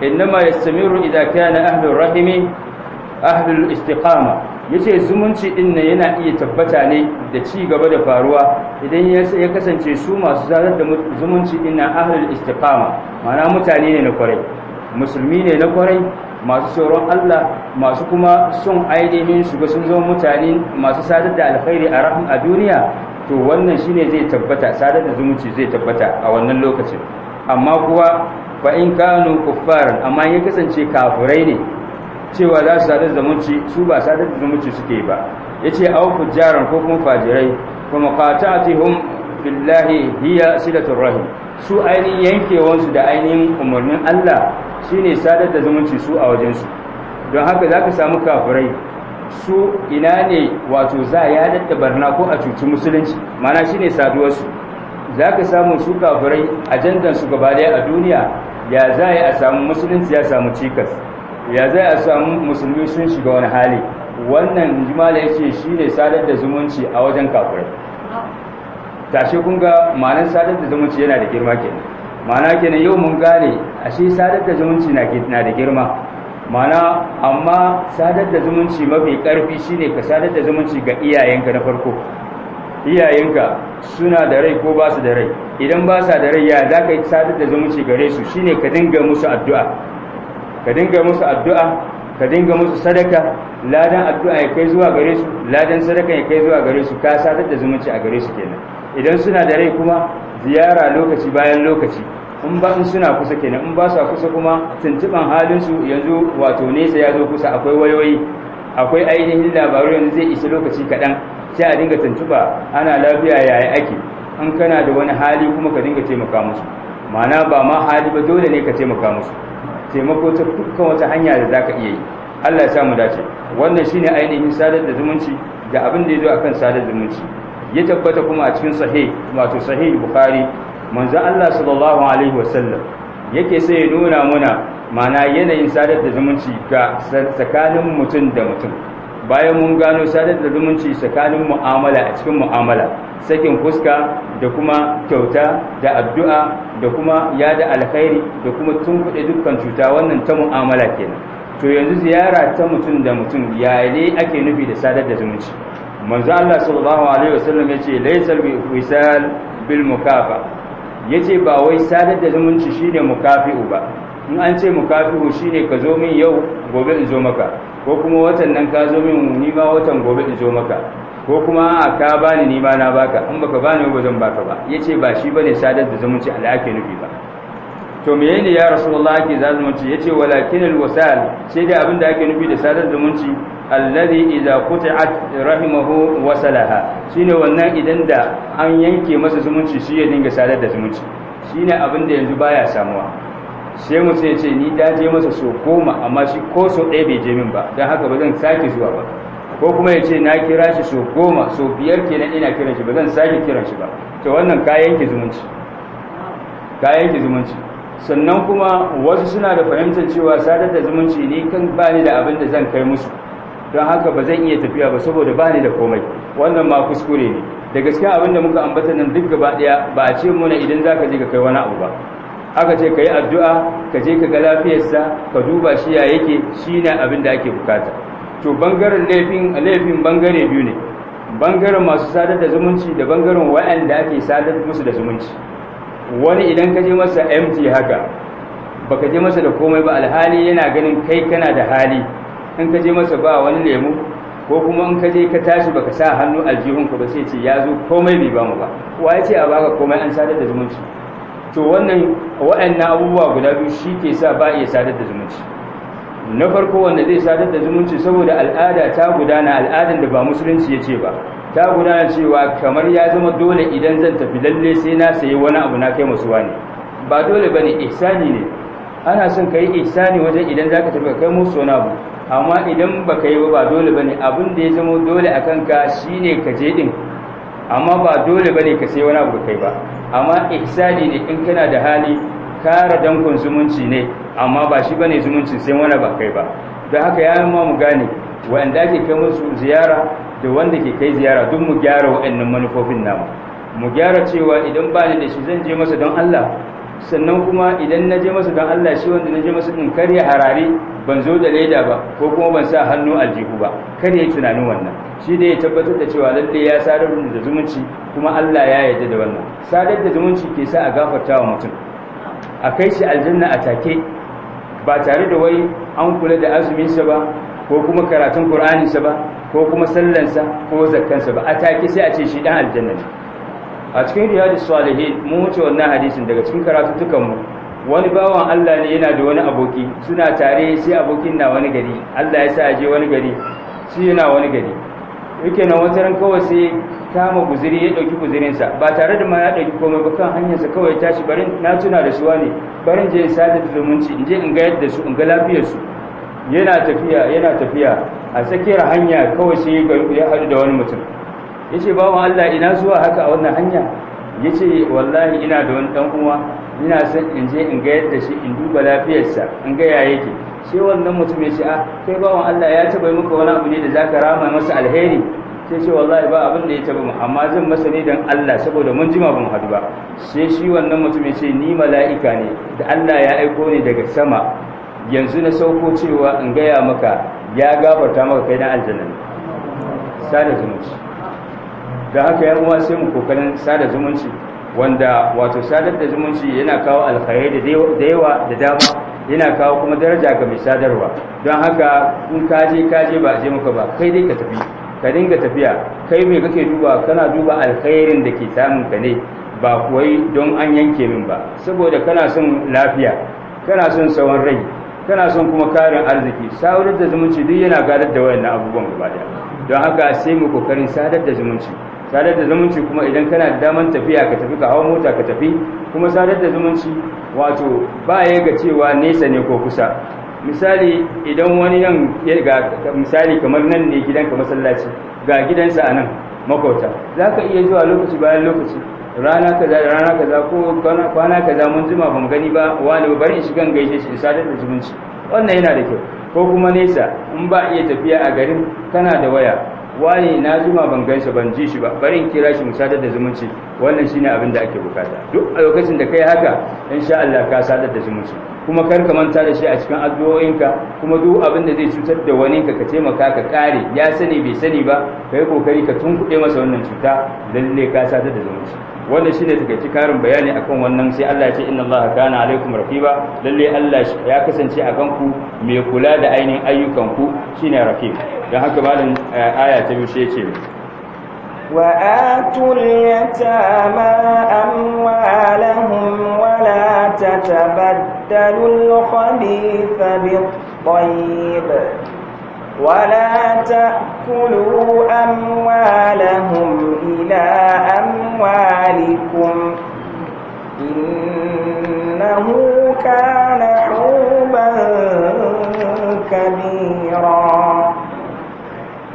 innama yastamiru idza kana ahlur rahimi ahlul istiqama ya ce zumunci din nan yana iya tabbata ne da ci gaba da faruwa idan ya kasance su masu zarar da zumunci din nan ahlul istiqama mana mutane ne na kwarai musulmi ne na kwarai masu tsoron Allah masu kuma son ainihin shiga sun zama mutane masu sadar da alkhairi a rahim a duniya to wannan shine zai tabbata sadar da zumunci zai tabbata a wannan lokacin amma kuwa fa in kanu kuffar amma ya kasance kafurai ne cewa za su sadar da zumunci su ba sadar da zumunci suke ba yace aw fujaran ko kuma fajirai fa maqata'atuhum billahi hiya silatul rahim su ainihin yankewansu da ainihin umarnin Allah shine sadar da zumunci su a wajensu don haka za ka samu kafirai su ina ne wato za ya dadda barna ko a cuci musulunci mana shine saduwarsu za ka samu su kafirai su gaba daya a duniya ya za a samu musulunci ya samu cikas ya zai a samu musulmi sun shiga wani hali wannan jimala yake shi ne sadar da zumunci a wajen kafirai tashe kun ga ma'anar sadar da zumunci yana da girma ke ma'ana kenan yau mun gane ashe sadar da zumunci na da girma ma'ana amma sadar da zumunci mafi karfi shi ne ka sadar da zumunci ga iyayenka na farko iyayenka suna da rai ko ba su da rai idan ba sa da rai ya za ka yi sadar da zumunci gare su shine ka dinga musu addu'a ka dinga musu addu'a ka dinga musu sadaka ladan addu'a ya kai zuwa gare su ladan sadaka ya kai zuwa gare su ka sadar da zumunci a gare su kenan idan suna da rai kuma ziyara lokaci bayan lokaci in ba in suna kusa kenan in ba su kusa kuma tuntuban halinsu yanzu wato nesa ya zo kusa akwai wayoyi akwai ainihin labaru yanzu zai isa lokaci kaɗan sai a dinga tuntuba ana lafiya yaya ake in kana da wani hali kuma ka dinga taimaka musu ma'ana ba ma hali ba dole ne ka taimaka musu taimako ta dukkan wata hanya da zaka iya yi Allah ya mu dace wannan shine ainihin sadar da zumunci da abin da ya zo akan sadar zumunci ya tabbata kuma a cikin sahih wato sahih bukhari manzon Allah sallallahu alaihi wasallam yake sai ya nuna muna ma'ana yanayin sadar da zumunci ga tsakanin mutum da mutum bayan mun gano sadar da zumunci tsakanin mu'amala a cikin mu'amala sakin fuska da kuma kyauta da addu'a da kuma ya da alkhairi da kuma tun kuɗi dukkan cuta wannan ta mu'amala kenan to yanzu ziyara ta mutum da mutum ya ne ake nufi da sadar da zumunci manzo Allah sallallahu alaihi wasallam yace laysal wisal bil mukafa yace ba wai sadar da zumunci shine mukafi'u ba in an ce mukafi'u shine ka zo min yau gobe in zo maka ko kuma watan nan ka zo min ni ma watan gobe in zo maka ko kuma a ka bani ni ma na baka in baka bani ba zan baka ba yace ba shi bane sadar da zumunci Allah ake nufi ba to me ne ya rasulullah ake za zumunci yace walakin alwasal sai dai abinda ake nufi da sadar zumunci alladhi idza qut'at rahimahu wasalaha shine wannan idan da an yanke masa zumunci shi ya dinga sadar da zumunci shine abinda yanzu baya samuwa sai mu sai ce ni da je masa so goma amma shi ko so ɗaya bai je min ba dan haka ba zan sake zuwa ba ko kuma ya ce na kira shi so goma so biyar kenan ina kiran shi ba zan sake kiran shi ba to wannan kayan ki zumunci kayan ki zumunci sannan kuma wasu suna da fahimtar cewa sadar da zumunci ne kan ni da abin da zan kai musu don haka ba zan iya tafiya ba saboda bani da komai wannan ma kuskure ne da gaskiya abin da muka ambata nan duk gaba daya ba a ce muna idan za ka je ka kai wani abu ba aka ce ka yi addu'a ka je ka ga lafiyarsa ka duba shi ya yake shi ne abin da ake bukata to bangaren laifin laifin bangare biyu ne bangaren masu sadar da zumunci da bangaren waɗanda ake sadar musu da zumunci wani idan ka je masa mt haka baka je masa da komai ba alhali yana ganin kai kana da hali in ka je masa ba wani lemu ko kuma in ka je ka tashi baka sa hannu aljihunka ba sai ce ya zo komai bai ba ba wa ya ce a baka komai an sadar da zumunci to wannan wa'annan abubuwa guda biyu shi ke sa ba iya sadar da zumunci na farko wanda zai sadar da zumunci saboda al'ada ta gudana al'adar da ba musulunci yace ba ta gudana cewa kamar ya zama dole idan zan tafi lalle sai na sayi wani abu na kai masu wani ba dole bane ihsani ne ana son kai ihsani wajen idan zaka tafi kai musu wani abu amma idan baka yi ba dole bane abin da ya zama dole akan ka shine ka je din amma ba dole bane ka sayi wani abu kai ba amma ihsani ne in kana da hali kare dankon zumunci ne amma ba shi bane zumuncin sai wani ba kai ba don haka ya ma mu gane wanda ake kai musu ziyara da wanda ke kai ziyara duk mu gyara waɗannan manufofin namu mu gyara cewa idan ba ni da shi zan je masa don Allah sannan kuma idan na je masa don Allah shi wanda na je masa din kar ya harare ban zo da leda ba ko kuma ban sa hannu aljihu ba kar ya tunanin wannan shi da ya tabbatar da cewa lalle ya sadar da zumunci kuma Allah ya yarda da wannan sadar da zumunci ke sa a gafarta wa mutum a kai shi aljanna a take ba tare da wai an kula da azuminsa ba ko kuma karatun qur'aninsa ba ko kuma sallansa ko zakkansa ba a take sai a ce shi dan aljanna a cikin riyadu salihin mu wuce wannan hadisin daga cikin karatuttukan mu wani bawan Allah ne yana da wani aboki suna tare sai abokin na wani gari Allah ya sa je wani gari shi yana wani gari yake nan wata ran kawai sai kama guziri ya ɗauki guzirinsa ba tare da ma ya ɗauki komai ba kan hanyarsa kawai tashi bari na tuna da suwa ne barin je in sada zumunci in je in ga yadda su in ga lafiyarsu yana tafiya yana tafiya a tsakiyar hanya kawai shi ya haɗu da wani mutum ya ce wa Allah ina zuwa haka a wannan hanya ya ce wallahi ina da wani ɗan uwa ina son in je in ga yadda shi in duba lafiyarsa in ga ya yake shi wannan mutum ya ce a ah, kai bawan Allah ya taɓa muka wani abu ne da zaka rama masa alheri sai ce wallahi ba abin da ya taba mu amma zan masa ne dan Allah saboda mun jima ban hadu ba sai shi wannan mutum ya ce ni mala'ika ne da Allah ya aiko ni daga sama yanzu na sauko cewa in gaya maka ya gafarta maka kai dan aljanna sada zumunci da haka yan uwa sai mu kokarin sada zumunci wanda wato sadar da zumunci yana kawo alkhairi da yawa da dama yana kawo kuma daraja ga mai sadarwa don haka in kaje kaje ba a je maka ba kai dai ka tafi ka dinga tafiya kai me kake duba kana duba alkhairin da ke samun ka ne ba kuwai don an yanke min ba saboda kana son lafiya kana son tsawon rai kana son kuma karin arziki sadar da zumunci duk yana gadar da wayannan abubuwan gaba daya don haka sai mu kokarin sadar da zumunci sadar da zumunci kuma idan kana da daman tafiya ka tafi ka hawo mota ka tafi kuma sadar da zumunci wato ba ya ga cewa nesa ne ko kusa misali idan wani nan ga misali kamar nan ne gidanka masallaci ga gidansa a nan makauta za ka iya zuwa lokaci bayan lokaci rana kaza da rana kaza ko kwana kaza mun jima ban gani ba wani bari in shigan gaishe shi sadar da zumunci wannan yana da kyau ko kuma nesa in ba iya tafiya a garin kana da waya wani na jima ban gansa ban ji shi ba bari in kira shi mu sadar da zumunci wannan shine abin da ake bukata duk a lokacin da kai haka insha Allah ka sadar da zumunci kuma kar ka manta da shi a cikin addu'o'inka kuma duk abin da zai cutar da wani ka taimaka ka kare ya sani bai sani ba ka yi kokari ka tunkuɗe masa wannan cuta lalle ka sadar da zumunci wannan shine takaici karin bayani akan wannan sai Allah ya ce inna Allah kana alaikum raqiba lalle Allah ya kasance akan ku mai kula da ainihin ayyukan ku shine raqib dan haka malam eh, aya ta biyu sai ce وآتوا اليتامى أموالهم ولا تتبدلوا الخبيث بالطيب ولا تأكلوا أموالهم إلى أموالكم إنه كان حوبا كبيرا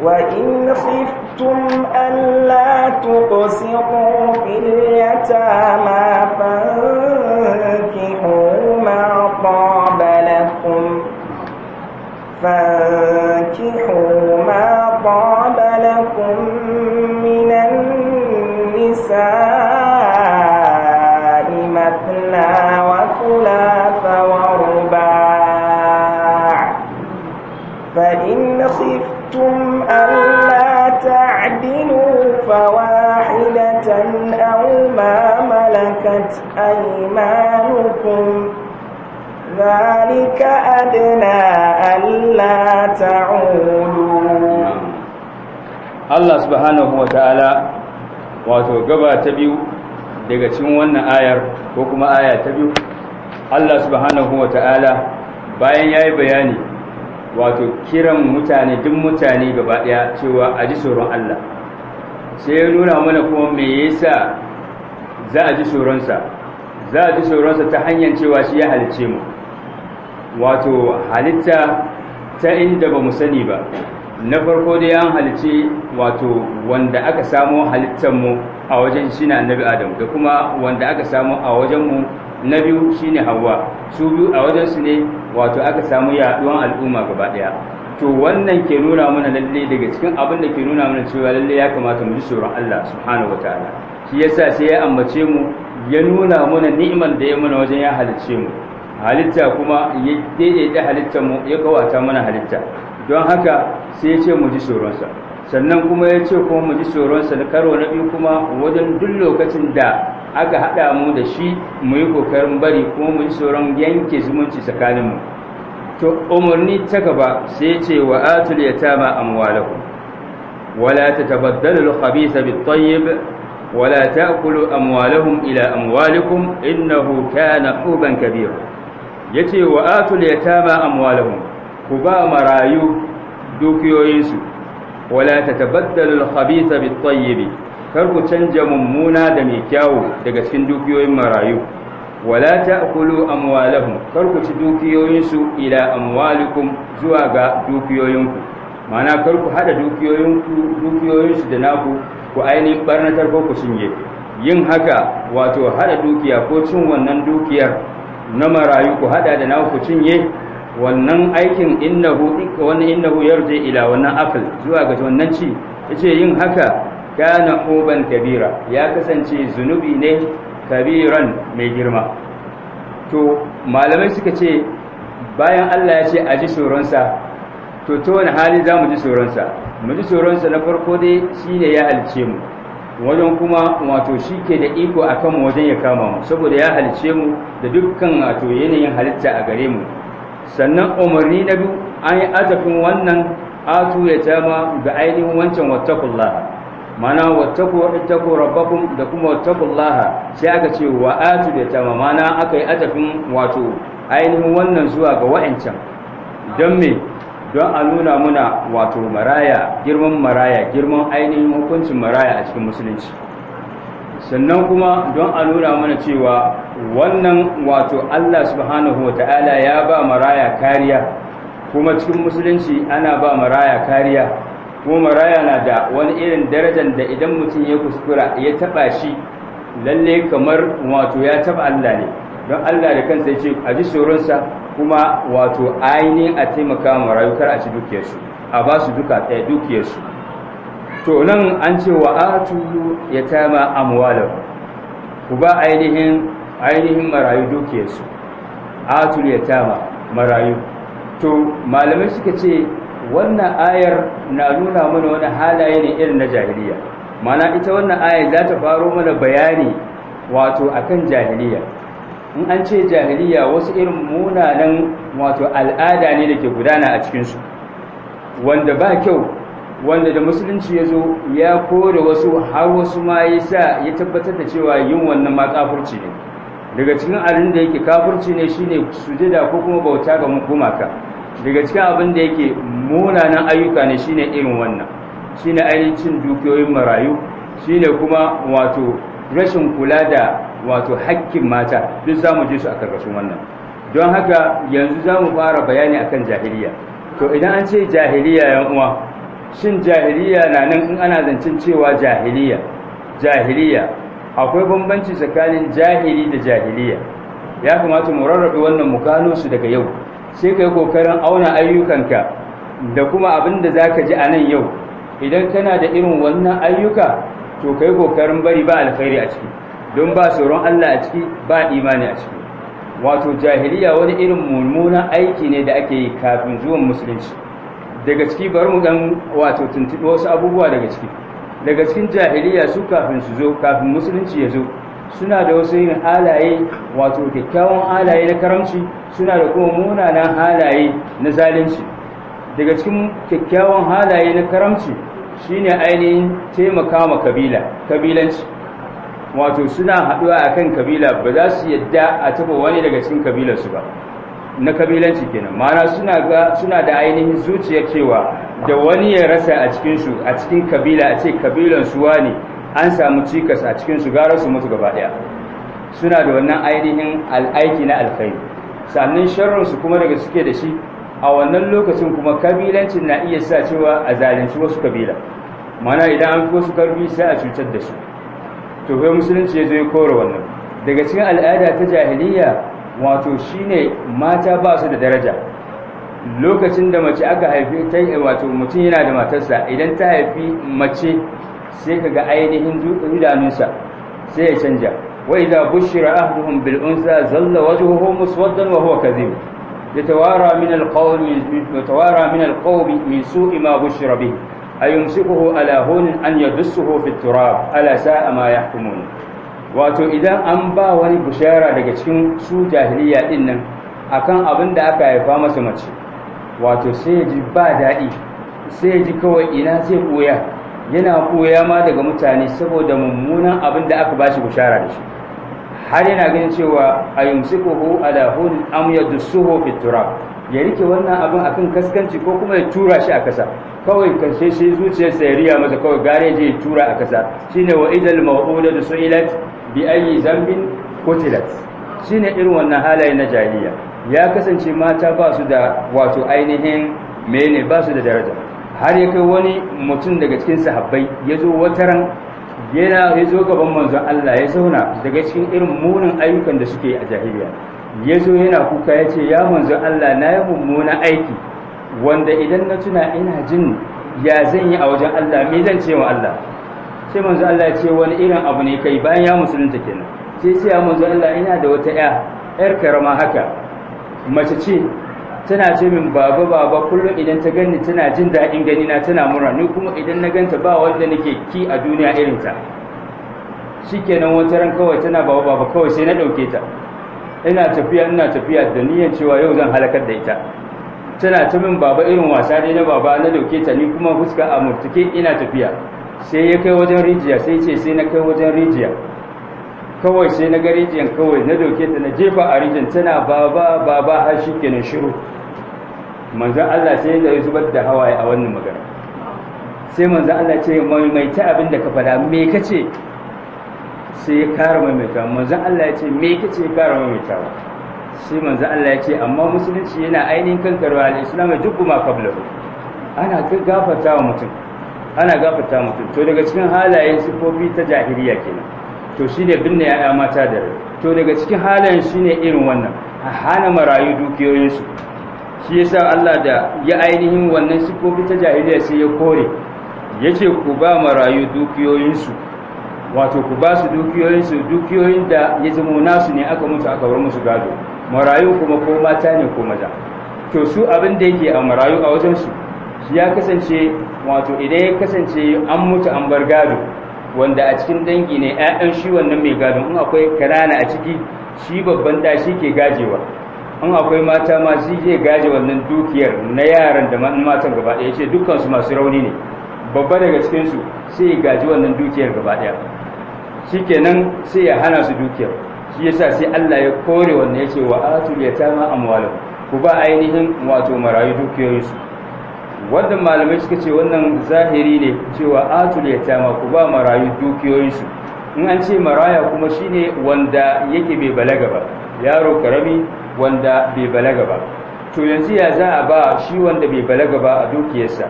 وإن خفتم ألا تقسطوا في اليتامى فانكحوا ما طاب لكم فانكحوا ما طاب لكم ملكت أيمانكم ذلك أدنى ألا Allah subhanahu wa ta’ala wato gaba ta biyu daga cikin wannan ayar ko kuma aya ta biyu Allah subhanahu ta'ala bayan ya yi bayani wato kiran mutane duk mutane gaba ɗaya cewa a ji tsoron Allah sai ya nuna mana kuma me yasa za a ji tsoronsa za a ji tsoronsa ta hanyar cewa shi ya halicce mu wato halitta ta inda ba mu sani ba na farko dai ya halice wato wanda aka samo halittarmu a wajen shi na annabi adam da kuma wanda aka samo a wajenmu na biyu ne hawa su biyu a wajensu ne wato aka samu yaduwan al'umma gaba daya to wannan ke nuna mana lalle daga cikin abin da ke nuna mana cewa lalle ya kamata mu ji tsoron Allah subhanahu wataala shi yasa sai ya ambace mu ya nuna mana ni'imar da ya mana wajen ya halicce mu halitta kuma ya daidaita halitta mu ya kawata mana halitta don haka sai ya ce mu ji tsoronsa sannan kuma ya ce kuma mu ji tsoronsa da karo na biyu kuma wajen duk lokacin da aka haɗa mu da shi mu yi ƙoƙarin bari kuma mu ji tsoron yanke zumunci tsakanin mu to umarni ta gaba sai ya ce wa atul yatama amwalakum wala tatabaddalu al-khabitha bit-tayyib ولا تأكلوا أموالهم إلى أموالكم إنه كان حوبا كبيرا يتي وآتوا اليتامى أموالهم كبا مرايو دوكيو ينسو ولا تتبدل الخبيث بالطيب كركو تنجا ممونا دمي كاو دقسكن دوكيو مرايو ولا تأكلوا أموالهم كركو تدوكيو ينسو إلى أموالكم زواغا دوكيو ينكو معناه كركو هذا دوكيو ينكو دوكيو ينسو دناكو ku ainihin barnatar ko ku shinge yin haka wato hada dukiya ko cin wannan dukiyar na marayu ku hada da na ku cinye wannan aikin innahu wannan innahu yarje ila wannan afl zuwa ga wannan ci yace yin haka kana uban kabira ya kasance zunubi ne kabiran mai girma to malamai suka ce bayan Allah ya ce a ji tsoronsa to ta wani hali za mu ji tsoronsa mu ji tsoronsa na farko dai shi ne ya halice mu wajen kuma wato shi ke da iko a kanmu wajen ya kama mu saboda ya halice mu da dukkan wato yanayin halitta a gare mu sannan umarni na biyu an yi azafin wannan atu ya tama ga ainihin wancan wattakullaha mana wattaku ittaku rabbakum da kuma wattakullaha sai aka ce wa atu ya tama mana aka yi azafin wato ainihin wannan zuwa ga wa'ancan don me don a nuna muna wato maraya girman maraya girman ainihin hukuncin maraya a cikin musulunci sannan kuma don a nuna mana cewa wannan wato Allah subhanahu wa ta'ala ya ba maraya kariya kuma cikin musulunci ana ba maraya kariya kuma maraya na da wani irin darajar da idan mutum ya kuskura ya taba shi lalle kamar wato ya taba Allah ne don Allah da kansa ya ce a ji tsoronsa kuma wato ainihin a taimaka ma rayukar a ci dukiyarsu a ba su duka ɗaya dukiyarsu to nan an ce wa atulu ya tama amwalar ku ba ainihin marayu dukiyarsu atul ya tama marayu to malamai suka ce wannan ayar na nuna mana wani halaye ne irin na jahiliya mana ita wannan ayar za ta faro mana bayani wato akan jahiliya in an ce jahiliya wasu irin munanan wato al'ada ne da ke gudana a cikinsu wanda ba kyau wanda da musulunci ya zo ya kore wasu har wasu ma ya sa ya tabbatar da cewa yin wannan ma kafurci ne daga cikin abin da yake kafurci ne shine sujada ko kuma bauta ga gumaka daga cikin abin da yake munanan ayyuka ne shine irin wannan shine ainihin cin dukiyoyin marayu shine kuma wato rashin kula da wato hakkin mata duk zamu je su a karkashin wannan don haka yanzu zamu fara bayani akan jahiliya to idan an ce jahiliya yan uwa shin jahiliya na nan in ana zancen cewa jahiliya jahiliya akwai bambanci tsakanin jahili da jahiliya ya kamata mu rarrabe wannan mu gano su daga yau sai kai yi kokarin auna ayyukanka da kuma abin da za ji a nan yau idan kana da irin wannan ayyuka to kai kokarin bari ba alkhairi a ciki don ba tsoron Allah a ciki ba imani a ciki wato jahiliya wani irin mummunan aiki ne da ake yi kafin zuwan musulunci daga ciki bari mu dan wato tuntubi wasu abubuwa daga ciki daga cikin jahiliya su kafin su zo kafin musulunci ya zo suna da wasu yin halaye wato kyakkyawan halaye na karamci suna da kuma munanan halaye na zalunci daga cikin kyakkyawan halaye na karamci shine ainihin taimaka ma kabila kabilanci wato suna haɗuwa a kan kabila ba za su yadda a taba wani daga cikin kabilarsu ba na kabilanci kenan mana suna da ainihin zuciya cewa da wani ya rasa a cikin a cikin kabila a ce kabilan wani an samu cikas a cikin su gara su mutu gaba ɗaya suna da wannan ainihin al'aiki na alkhairi sannan sharrin kuma daga suke da shi a wannan lokacin kuma kabilancin na iya sa cewa a zalunci wasu kabila mana idan an fi wasu karbi sai a cutar da su to bai musulunci ya zo ya kore wannan daga cikin al'ada ta jahiliya wato shine mata ba su da daraja lokacin da mace aka haifi ta yi wato mutum yana da matarsa idan ta haifi mace sai kaga ainihin idanunsa sai ya canja wa idza bushira ahduhum bil unsa zalla wajhuhu muswaddan wa huwa kadhib yatawara min al min al qawmi min su'i ma bushira bihi ayumsikuhu ala an yadussuhu fit turab ala sa'a ma yahkumun wato idan an ba wani bushara daga cikin su jahiliya dinnan, nan akan abin da aka haifa masa mace wato sai ji ba daɗi sai ji kawai ina zai koya yana koya ma daga mutane saboda mummunan abin da aka bashi bushara da shi har yana ganin cewa a yumsikuhu ala hunin am yadussuhu ya rike wannan abin akan kaskanci ko kuma ya tura shi a kasa kawai karshe shi zuciyarsa sayariya masa kawai gare je tura a kasa shine wa idal mawuda da su'ilat bi ayi zambin kutilat shine irin wannan halaye na jahiliya ya kasance mata ba su da wato ainihin mene ba su da daraja har ya kai wani mutum daga cikin sahabbai ya zo wataran yana ya zo gaban manzon Allah ya zauna daga cikin irin munin ayyukan da suke a jahiliya ya zo yana kuka ya ce ya manzo Allah na yi mummunan aiki wanda idan na tuna ina jin ya zan yi a wajen Allah me zan ce wa Allah sai manzo Allah ce wani irin abu ne kai bayan ya musulunta kenan sai sai ya manzo Allah ina da wata ya yar karama haka mace ce tana ce min baba baba kullum idan ta ganni tana jin daɗin gani na tana mura ni kuma idan na ganta ba wanda nake ki a duniya irin ta shikenan wata ran kawai tana baba baba kawai sai na ɗauke ta ina tafiya ina tafiya da niyyar cewa yau zan halakar da ita tana ta min baba irin wasa ne na baba na dauke ta ni kuma fuska a murtuke ina tafiya sai ya kai wajen rijiya sai ce sai na kai wajen rijiya kawai sai na ga rijiyan kawai na dauke ta na jefa a rijiyan tana baba baba har shi kenan shiru manzon Allah sai ya zubar da hawaye a wannan magana sai manzon Allah ce maimaita abin da ka faɗa me kace sai ya kara ta manzon Allah ya ce me kace ya kara maimaitawa shi manzo Allah ya ce amma musulunci yana ainihin kankarwa al-islam ya duk ma qablahu ana gafarta wa mutum ana gafarta mutum to daga cikin halayen sifofi ta jahiliya kenan to shine binne ya mata da rai to daga cikin halayen shine irin wannan a hana marayu dukiyoyinsu shi yasa Allah da ya ainihin wannan sifofi ta jahiliya sai ya kore yace ku ba marayu dukiyoyinsu wato ku ba su su dukiyoyin da ya zama nasu ne aka mutu aka bar musu gado marayu kuma ko mata ne ko maza to su abin da yake a marayu a wajen su ya kasance wato idan ya kasance an mutu an bar gado wanda a cikin dangi ne 'ya'yan shi wannan mai gado in akwai kanana a ciki shi babban da shi ke gajewa in akwai mata ma shi zai gaje wannan dukiyar na yaran da matan gaba ɗaya ce su masu rauni ne babba daga cikinsu sai ya gaji wannan dukiyar gaba ɗaya shikenan sai ya hana su dukiyar shi yasa sai Allah ya kore wannan yake wa atul yatama amwalu ku ba ainihin wato marayu dukiyoyinsu wanda malamai suka ce wannan zahiri ne cewa atul yatama ku ba marayu dukiyoyinsu in an ce maraya kuma shine wanda yake bai balaga ba yaro karami wanda bai balaga ba to yanzu ya za a ba shi wanda bai balaga ba a dukiyarsa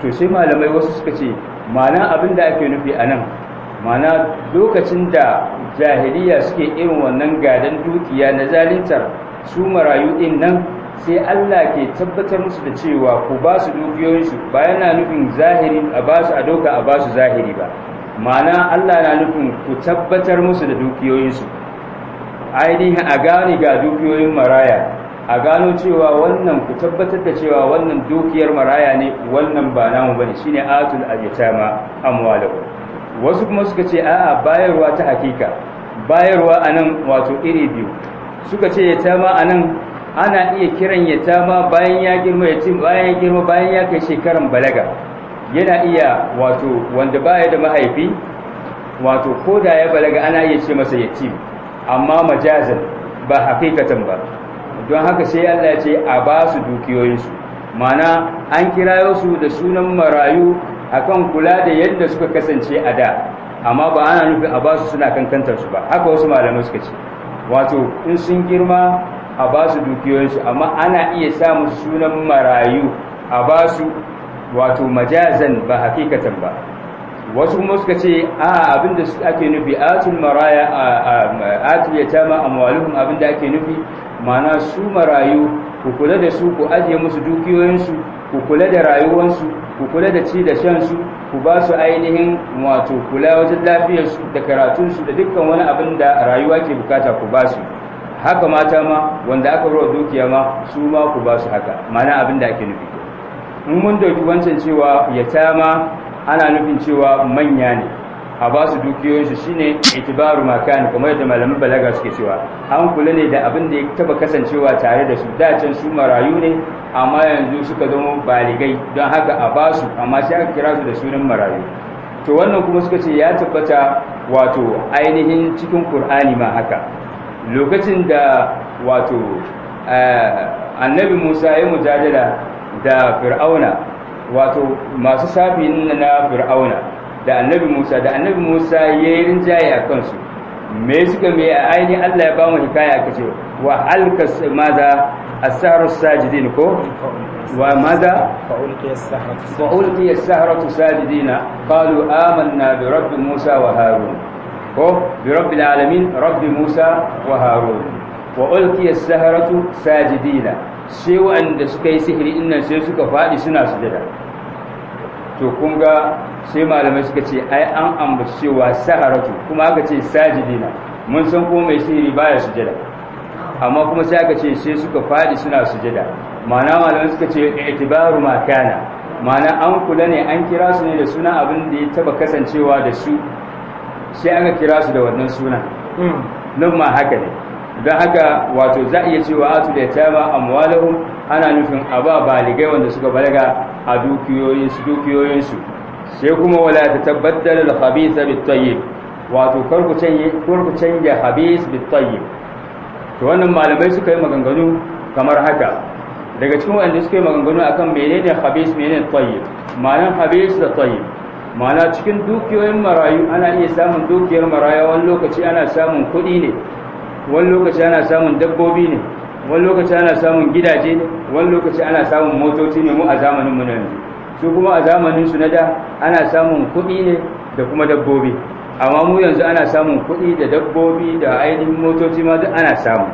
to sai malamai wasu suka ce ma'ana abin da ake nufi a nan mana lokacin da jahiliya suke irin wannan gadon dukiya na zalintar su marayu din nan sai Allah ke tabbatar musu da cewa ku ba su dukiyoyinsu ba yana nufin zahiri a ba su a doka a ba su zahiri ba mana Allah na nufin ku tabbatar musu da dukiyoyinsu ainihin a gane ga dukiyoyin maraya a gano cewa wannan ku tabbatar da cewa wannan dukiyar maraya ne wannan ba namu bane shine atul ajtama amwalahu wasu kuma suka ce a'a bayarwa ta hakika bayarwa a wato iri biyu suka ce ya a nan ana iya kiran ya tama bayan ya girma ya bayan ya girma bayan ya kai shekaran balaga yana iya wato wanda baya da mahaifi wato ko da ya balaga ana iya ce masa ya ci amma majazin ba hakikatan ba don haka sai Allah ya ce a ba su dukiyoyinsu mana an kirayo su da sunan marayu akan kula da yadda suka kasance a da amma ba ana nufin a basu suna kankantar su ba haka wasu malamai suka ce wato in sun girma a basu dukiyoyinsu amma ana iya samun sunan marayu a basu wato majazan ba hakikatan ba wasu kuma suka ce a abinda ake nufi atul maraya atul yatama amwaluhum abinda ake nufi mana su marayu ku kula da su ku ajiye musu dukiyoyinsu ku kula da rayuwarsu ku kula da ci da shan su ku ba su ainihin wato kula wajen lafiyar su da karatun su da dukkan wani abin da rayuwa ke bukata ku ba su haka mata ma wanda aka rawa dukiya ma su ma ku ba su haka mana abin da ake nufi in mun dauki wancan cewa yatama ana nufin cewa manya ne a ba su dukiyoyinsu shine itibaru makani kamar yadda malamin balaga suke cewa an kula ne da abin da ya taba kasancewa tare da su da can su marayu ne amma yanzu suka zama baligai don haka a ba su amma sai aka kira su da sunan marayu to wannan kuma suka ce ya tabbata wato ainihin cikin Kur'ani ma haka lokacin da wato eh, annabi Musa ya mujadala da fir'auna wato masu safi na fir'auna da annabi Musa da annabi Musa ya yi rinjaye a kansu me suka me a ainihin Allah ya ba mu hikaya aka ce wa alkas maza asaru sajidin ko wa maza fa ulqiya as-sahratu sajidina qalu amanna bi rabbi Musa wa Harun ko bi rabbil alamin rabbi Musa wa Harun wa ulqiya as-sahratu sajidina sai wanda suka yi sihiri innan sai suka faɗi suna sujada to kun ga sai malamai suka ce ai an ambaci cewa saharatu kuma aka ce sajidina mun san ko mai sihiri baya sujada amma kuma sai aka ce sai suka fadi suna sujada ma'ana malamai suka ce itibaru ma kana ma'ana an kula ne an kira su ne da suna abin da ya taba kasancewa da su sai aka kira su da wannan suna hmm. nan ma haka ne don haka wato za a iya cewa atu da a amwalahum ana nufin a ba baligai wanda suka balaga a dukiyoyinsu sai kuma wala ta tabbatar da habisa bitayyib wato karku canje habis tayyib to wannan malamai suka yi maganganu kamar haka daga cikin wanda suka yi maganganu akan menene habis menene tayyib ma'anar habis da tayyib ma'ana cikin dukiyoyin marayu ana iya samun dukiyar maraya wani lokaci ana samun kuɗi ne wani lokaci ana samun dabbobi ne wani lokaci ana samun gidaje ne wani lokaci ana samun motoci ne mu a zamanin mu na yanzu su kuma a zamanin su na da ana samun kuɗi ne da kuma dabbobi amma mu yanzu ana samun kuɗi da dabbobi da ainihin motoci ma duk ana samu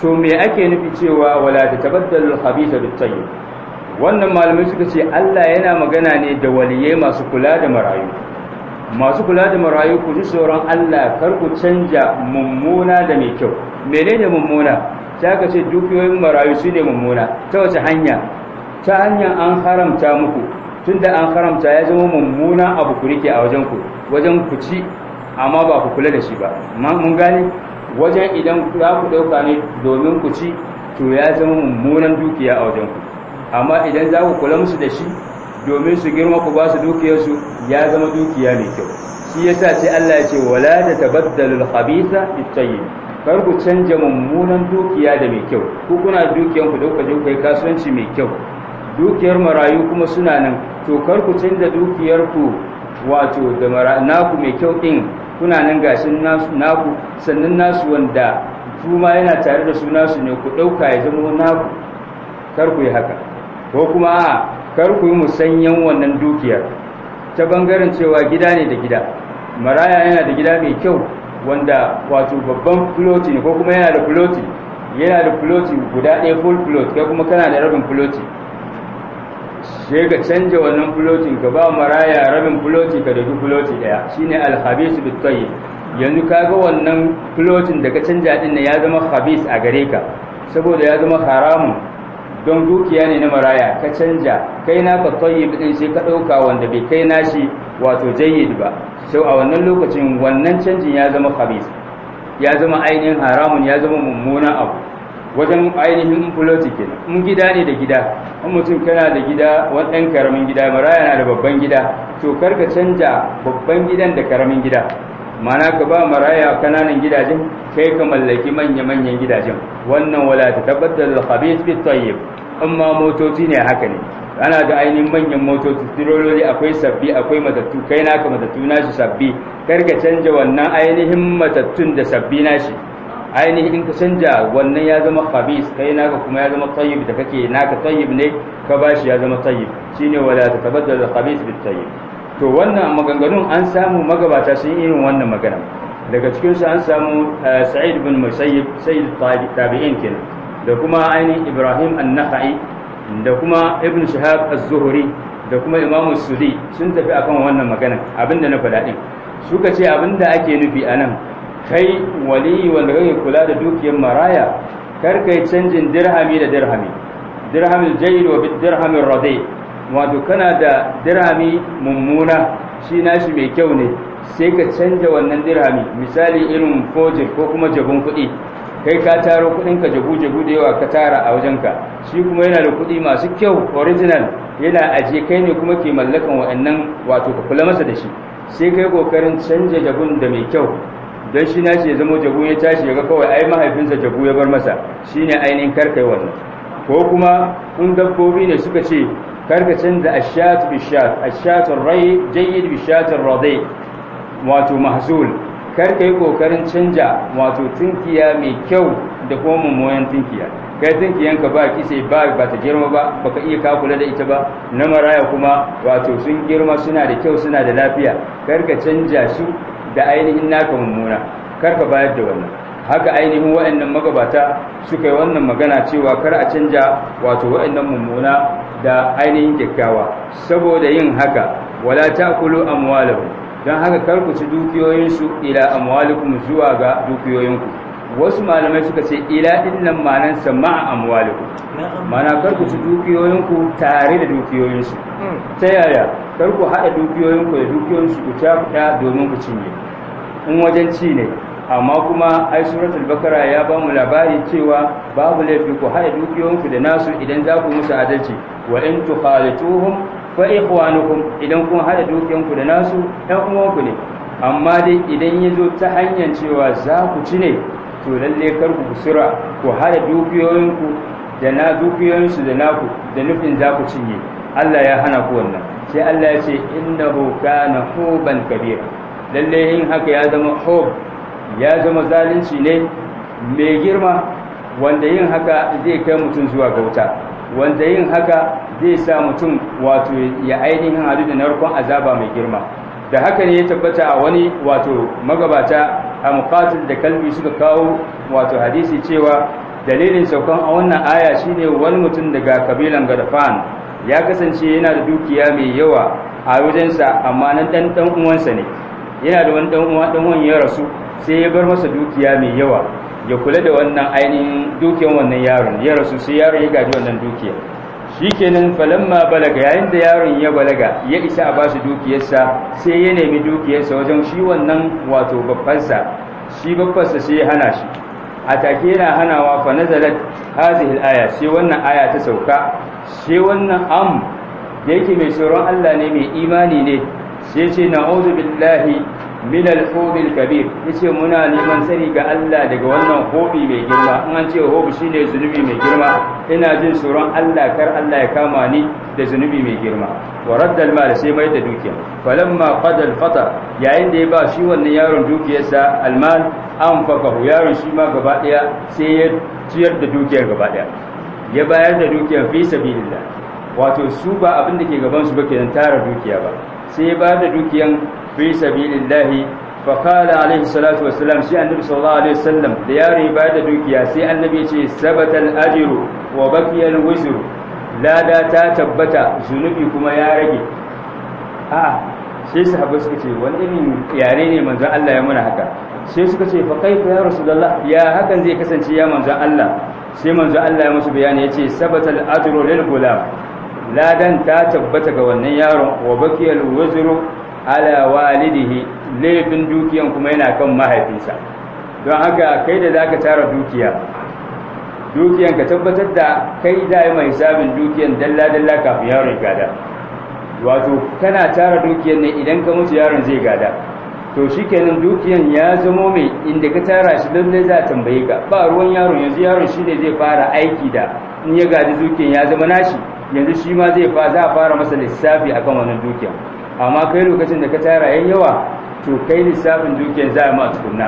to me ake nufi cewa wala ta tabaddal khabitha bit-tayyib wannan malamai suka ce Allah yana magana ne da waliye masu kula da marayu masu kula da marayu ku ji tsoron Allah kar ku canja mummuna da mai kyau menene mummuna sai ka ce dukiyoyin marayu su ne mummuna ta wace hanya ta hanyar an haramta muku tunda an haramta ya zama mummuna abu ku rike a wajen ku wajen ku ci amma ba ku kula da shi ba mun gane wajen idan za ku ɗauka ne domin ku ci to ya zama mummunan dukiya a wajen ku amma idan za ku kula musu da shi domin su girma ku ba su dukiyarsu ya zama dukiya mai kyau shi yasa sai Allah ya ce wala da tabaddalul khabitha bitayyib kar ku canja mummunan dukiya da mai kyau ku kuna dukiyanku da kuka kai kasuwanci mai kyau dukiyar marayu kuma suna nan to kar ku canza dukiyar ku wato da naku mai kyau din kuna nan gashin naku sannan nasu wanda kuma yana tare da su nasu ne ku ɗauka ya zama naku kar ku yi haka ko kuma a kar ku yi musanyen wannan dukiyar ta bangaren cewa gida ne da gida maraya yana da gida mai kyau wanda wato babban floti ne ko kuma yana da floti yana da floti guda ɗaya full floti kai kuma kana da rabin floti sai ka canja wannan fulotin ka ba maraya rabin fuloti ka dauki fuloti daya shine al-khabis bit tayyib yanzu kaga wannan fulotin da ka canja din ya zama khabis a gare ka saboda ya zama haramun don dukiya ne na maraya ka canja kai na ka tayyib din sai ka dauka wanda bai kai na shi wato jayyid ba sau a wannan lokacin wannan canjin ya zama khabis ya zama ainihin haramun ya zama mummuna abu wajen ainihin fuloti in gida ne da gida in mutum kana da gida wani karamin gida maraya na da babban gida to karka canja babban gidan da karamin gida mana ka ba maraya kananan gidajen kai ka mallaki manya-manyan gidajen wannan wala ta tabbatar da habis bi tayyib amma motoci ne haka ne ana da ainihin manyan motoci tirololi akwai sabbi akwai matattu kai naka matattu nashi sabbi Kar ka canja wannan ainihin matattun da sabbi nashi ainihin in ka canja wannan ya zama khabis kai naka kuma ya zama tayyib da kake naka tayyib ne ka bashi ya zama tayyib shine wala tatabaddal khabis bit tayyib to wannan maganganun an samu magabata sun yi irin wannan magana daga cikin su an samu eh, sa'id bin musayyib sayyid tabi'in kenan da kuma ainihin ibrahim an-nakhai da kuma ibn shihab az-zuhri da kuma imamu sudi sun tafi akan wannan magana abinda na faɗa suka ce abinda ake nufi anan kai waliyi wanda kake kula da dukiyar maraya kar kai canjin dirhami da dirhami dirhamul jayyid wa bid dirhamir radi wato kana da dirhami mummuna shi nashi mai kyau ne sai ka canja wannan dirhami misali irin fojin ko kuma jabun kuɗi kai ka taro kuɗin ka jabu jabu da yawa ka tara a wajen ka. shi kuma yana da kuɗi masu kyau original yana aje kai ne kuma ke mallakan wa'annan wato ka kula masa da shi sai kai kokarin canja jabun da mai kyau don shi nashi ya zama jabu ya tashi ya ga kawai ai mahaifinsa jabu ya bar masa shine ainihin karkai wannan ko kuma kun dabbobi ne suka ce karka canza ashatu bishat rai jayyid bishatin radai wato mahzul karka yi kokarin canja wato tunkiya mai kyau da kuma mummunan tunkiya kai tunkiyanka ba kise ba ba ta girma ba baka iya kula da ita ba na maraya kuma wato sun girma suna da kyau suna da lafiya karka canja su da ainihin naka mummuna kar ka bayar da wannan haka ainihin wa'annan magabata suka yi wannan magana cewa kar a canja wato wa'annan mummuna da ainihin kyakkyawa saboda yin haka wala ta kulu amwalahum don haka kar ku ci dukiyoyinsu ila amwalikum zuwa ga dukiyoyinku wasu malamai suka ce ila dinnan malan sama amwalikum mana karku ku ci dukiyoyinku tare da dukiyoyinsu ta yaya karku ku haɗa dukiyoyinku da dukiyoyinsu ku tafuta domin ku cinye in wajen ci ne amma kuma ai suratul bakara ya ba mu labari cewa babu laifi ku haɗa dukiyoyinku da nasu idan za ku musu adalci wa in tukhalituhum fa ikhwanukum idan kun haɗa dukiyoyinku da nasu ɗan uwanku ne amma dai idan ya zo ta hanyar cewa za ku ci ne to lalle kar ku kusura ku hada dukiyoyinku da na dukiyoyinsu da naku da nufin za ku cinye Allah ya hana ku wannan sai Allah ya ce hu kana huban kabira lalle in haka ya zama hub ya zama zalunci ne mai girma wanda yin haka zai kai mutum zuwa ga wuta wanda yin haka zai sa mutum wato ya ainihin hadu da narkon azaba mai girma da haka ne ya tabbata a wani wato magabata a muqatil da kalbi suka kawo wato hadisi cewa dalilin saukan a wannan aya shine wani mutum daga kabilan gadafan ya kasance yana da dukiya mai yawa a wajensa amma nan dan dan uwansa ne yana da wani dan uwa uwan ya rasu sai ya bar masa dukiya mai yawa ya kula da wannan ainihin dukiyar wannan yaron ya rasu sai yaron ya gaji wannan dukiya. shikenan falamma balaga yayin da yaron ya balaga ya isa a bashi dukiyarsa sai ya nemi dukiyarsa wajen shi wannan wato babbansa shi babbansa sai ya hana shi a take yana hanawa fa nazalat hazihil aya sai wannan aya ta sauka sai wannan am da yake mai tsoron Allah ne mai imani ne sai ce na'udhu billahi min al kabir kabir yace muna neman tsari ga Allah daga wannan hobi mai girma in an ce hobi shine zunubi mai girma ina jin tsoron Allah kar Allah ya kama ni da zunubi mai girma wa raddal mal sai mai da dukiya falamma qadal fata yayin da ya ba shi wannan yaron dukiyarsa mal an fakahu yaron shi ma gaba daya sai ya ciyar da dukiyar gaba daya ya bayar da dukiyar fi sabilillah wato su ba abin da ke gaban su ba kenan tara dukiya ba sai ya bayar da dukiyar. fi sabilillahi fa qala alayhi salatu wa salam shi annabi sallallahu alaihi wasallam da ya riba da dukiya sai annabi ya ce sabatal ajru wa baqiya alwizru lada ta tabbata zunubi kuma ya rage a sai sahabbai suka ce wani irin yare ne manzon Allah ya muna haka sai suka ce fa kaifa ya rasulullah ya hakan zai kasance ya manzon Allah sai manzon Allah ya musu bayani yace sabatal ajru lil gulam ladan ta tabbata ga wannan yaron wa baqiyal wazru ala walidihi laifin dukiyan kuma yana kan mahaifinsa don haka kai da zaka tara dukiya dukiyan ka tabbatar da kai da mai hisabin dukiyan dalla dalla kafin yaron gada wato kana tara dukiyan ne idan ka mutu yaron zai gada to shikenan dukiyan ya zamo mai inda ka tara shi lalle za tambaye ka ba ruwan yaron yanzu yaron shi ne zai fara aiki da in ya gaji dukiyan ya zama nashi yanzu shi ma zai za a fara masa lissafi akan wannan dukiyan amma kai lokacin da ka tara yan yawa to kai lissafin dukiyar za a ma tukunna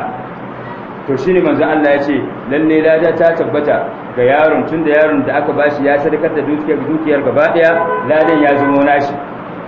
to shine manzo Allah ya ce lalle lada ta tabbata ga yaron tun da yaron da aka bashi ya sadakar da dukiyar dukiyar gaba daya ladan ya zama nashi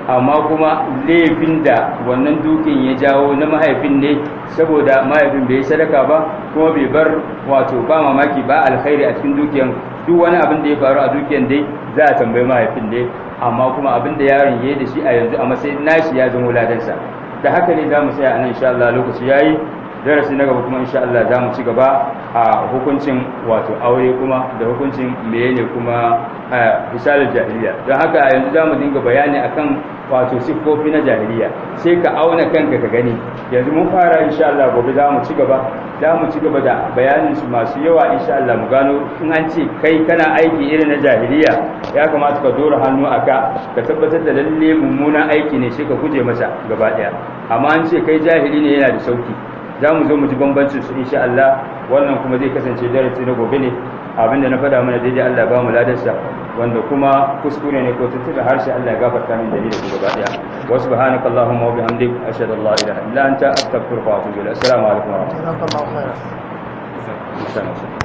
amma kuma laifin da wannan dukin ya jawo na mahaifin ne saboda mahaifin bai sadaka ba kuma bai bar wato ba mamaki ba alkhairi a cikin dukiyar duk wani abin da ya faru a dukiyar dai za a tambayi mahaifin ne amma kuma abin da yaron ya da shi a yanzu a matsayin nashi ya zama ladansa da haka ne za mu tsaya a nan insha Allah lokaci yayi darasi na gaba kuma insha Allah za mu ci gaba a hukuncin wato aure kuma da hukuncin menene kuma misalin jahiliya don haka yanzu za mu dinga bayani akan wato siffofi na jahiliya sai ka auna kanka ka gani yanzu mun fara insha Allah gobe za mu ci gaba za mu ci gaba da bayanin su masu yawa insha Allah mu gano in an ce kai kana aiki irin na jahiliya ya kamata ka dora hannu aka ka tabbatar da lalle mummunan aiki ne sai ka guje masa gaba daya amma an ce kai jahili ne yana da sauki za mu zo mu ji bambancin su insha Allah wannan kuma zai kasance darasi na gobe ne abinda na faɗa mana daidai Allah ba mu ladarsa wanda kuma kuskure ne ko tuntuɓe harshe Allah ya gafarta min da ni da ku gaba ɗaya wa subhanaka allahumma wa bihamdik ashhadu an la ilaha illa anta astaghfiruka wa atubu ilaik assalamu alaikum wa rahmatullahi wa barakatuh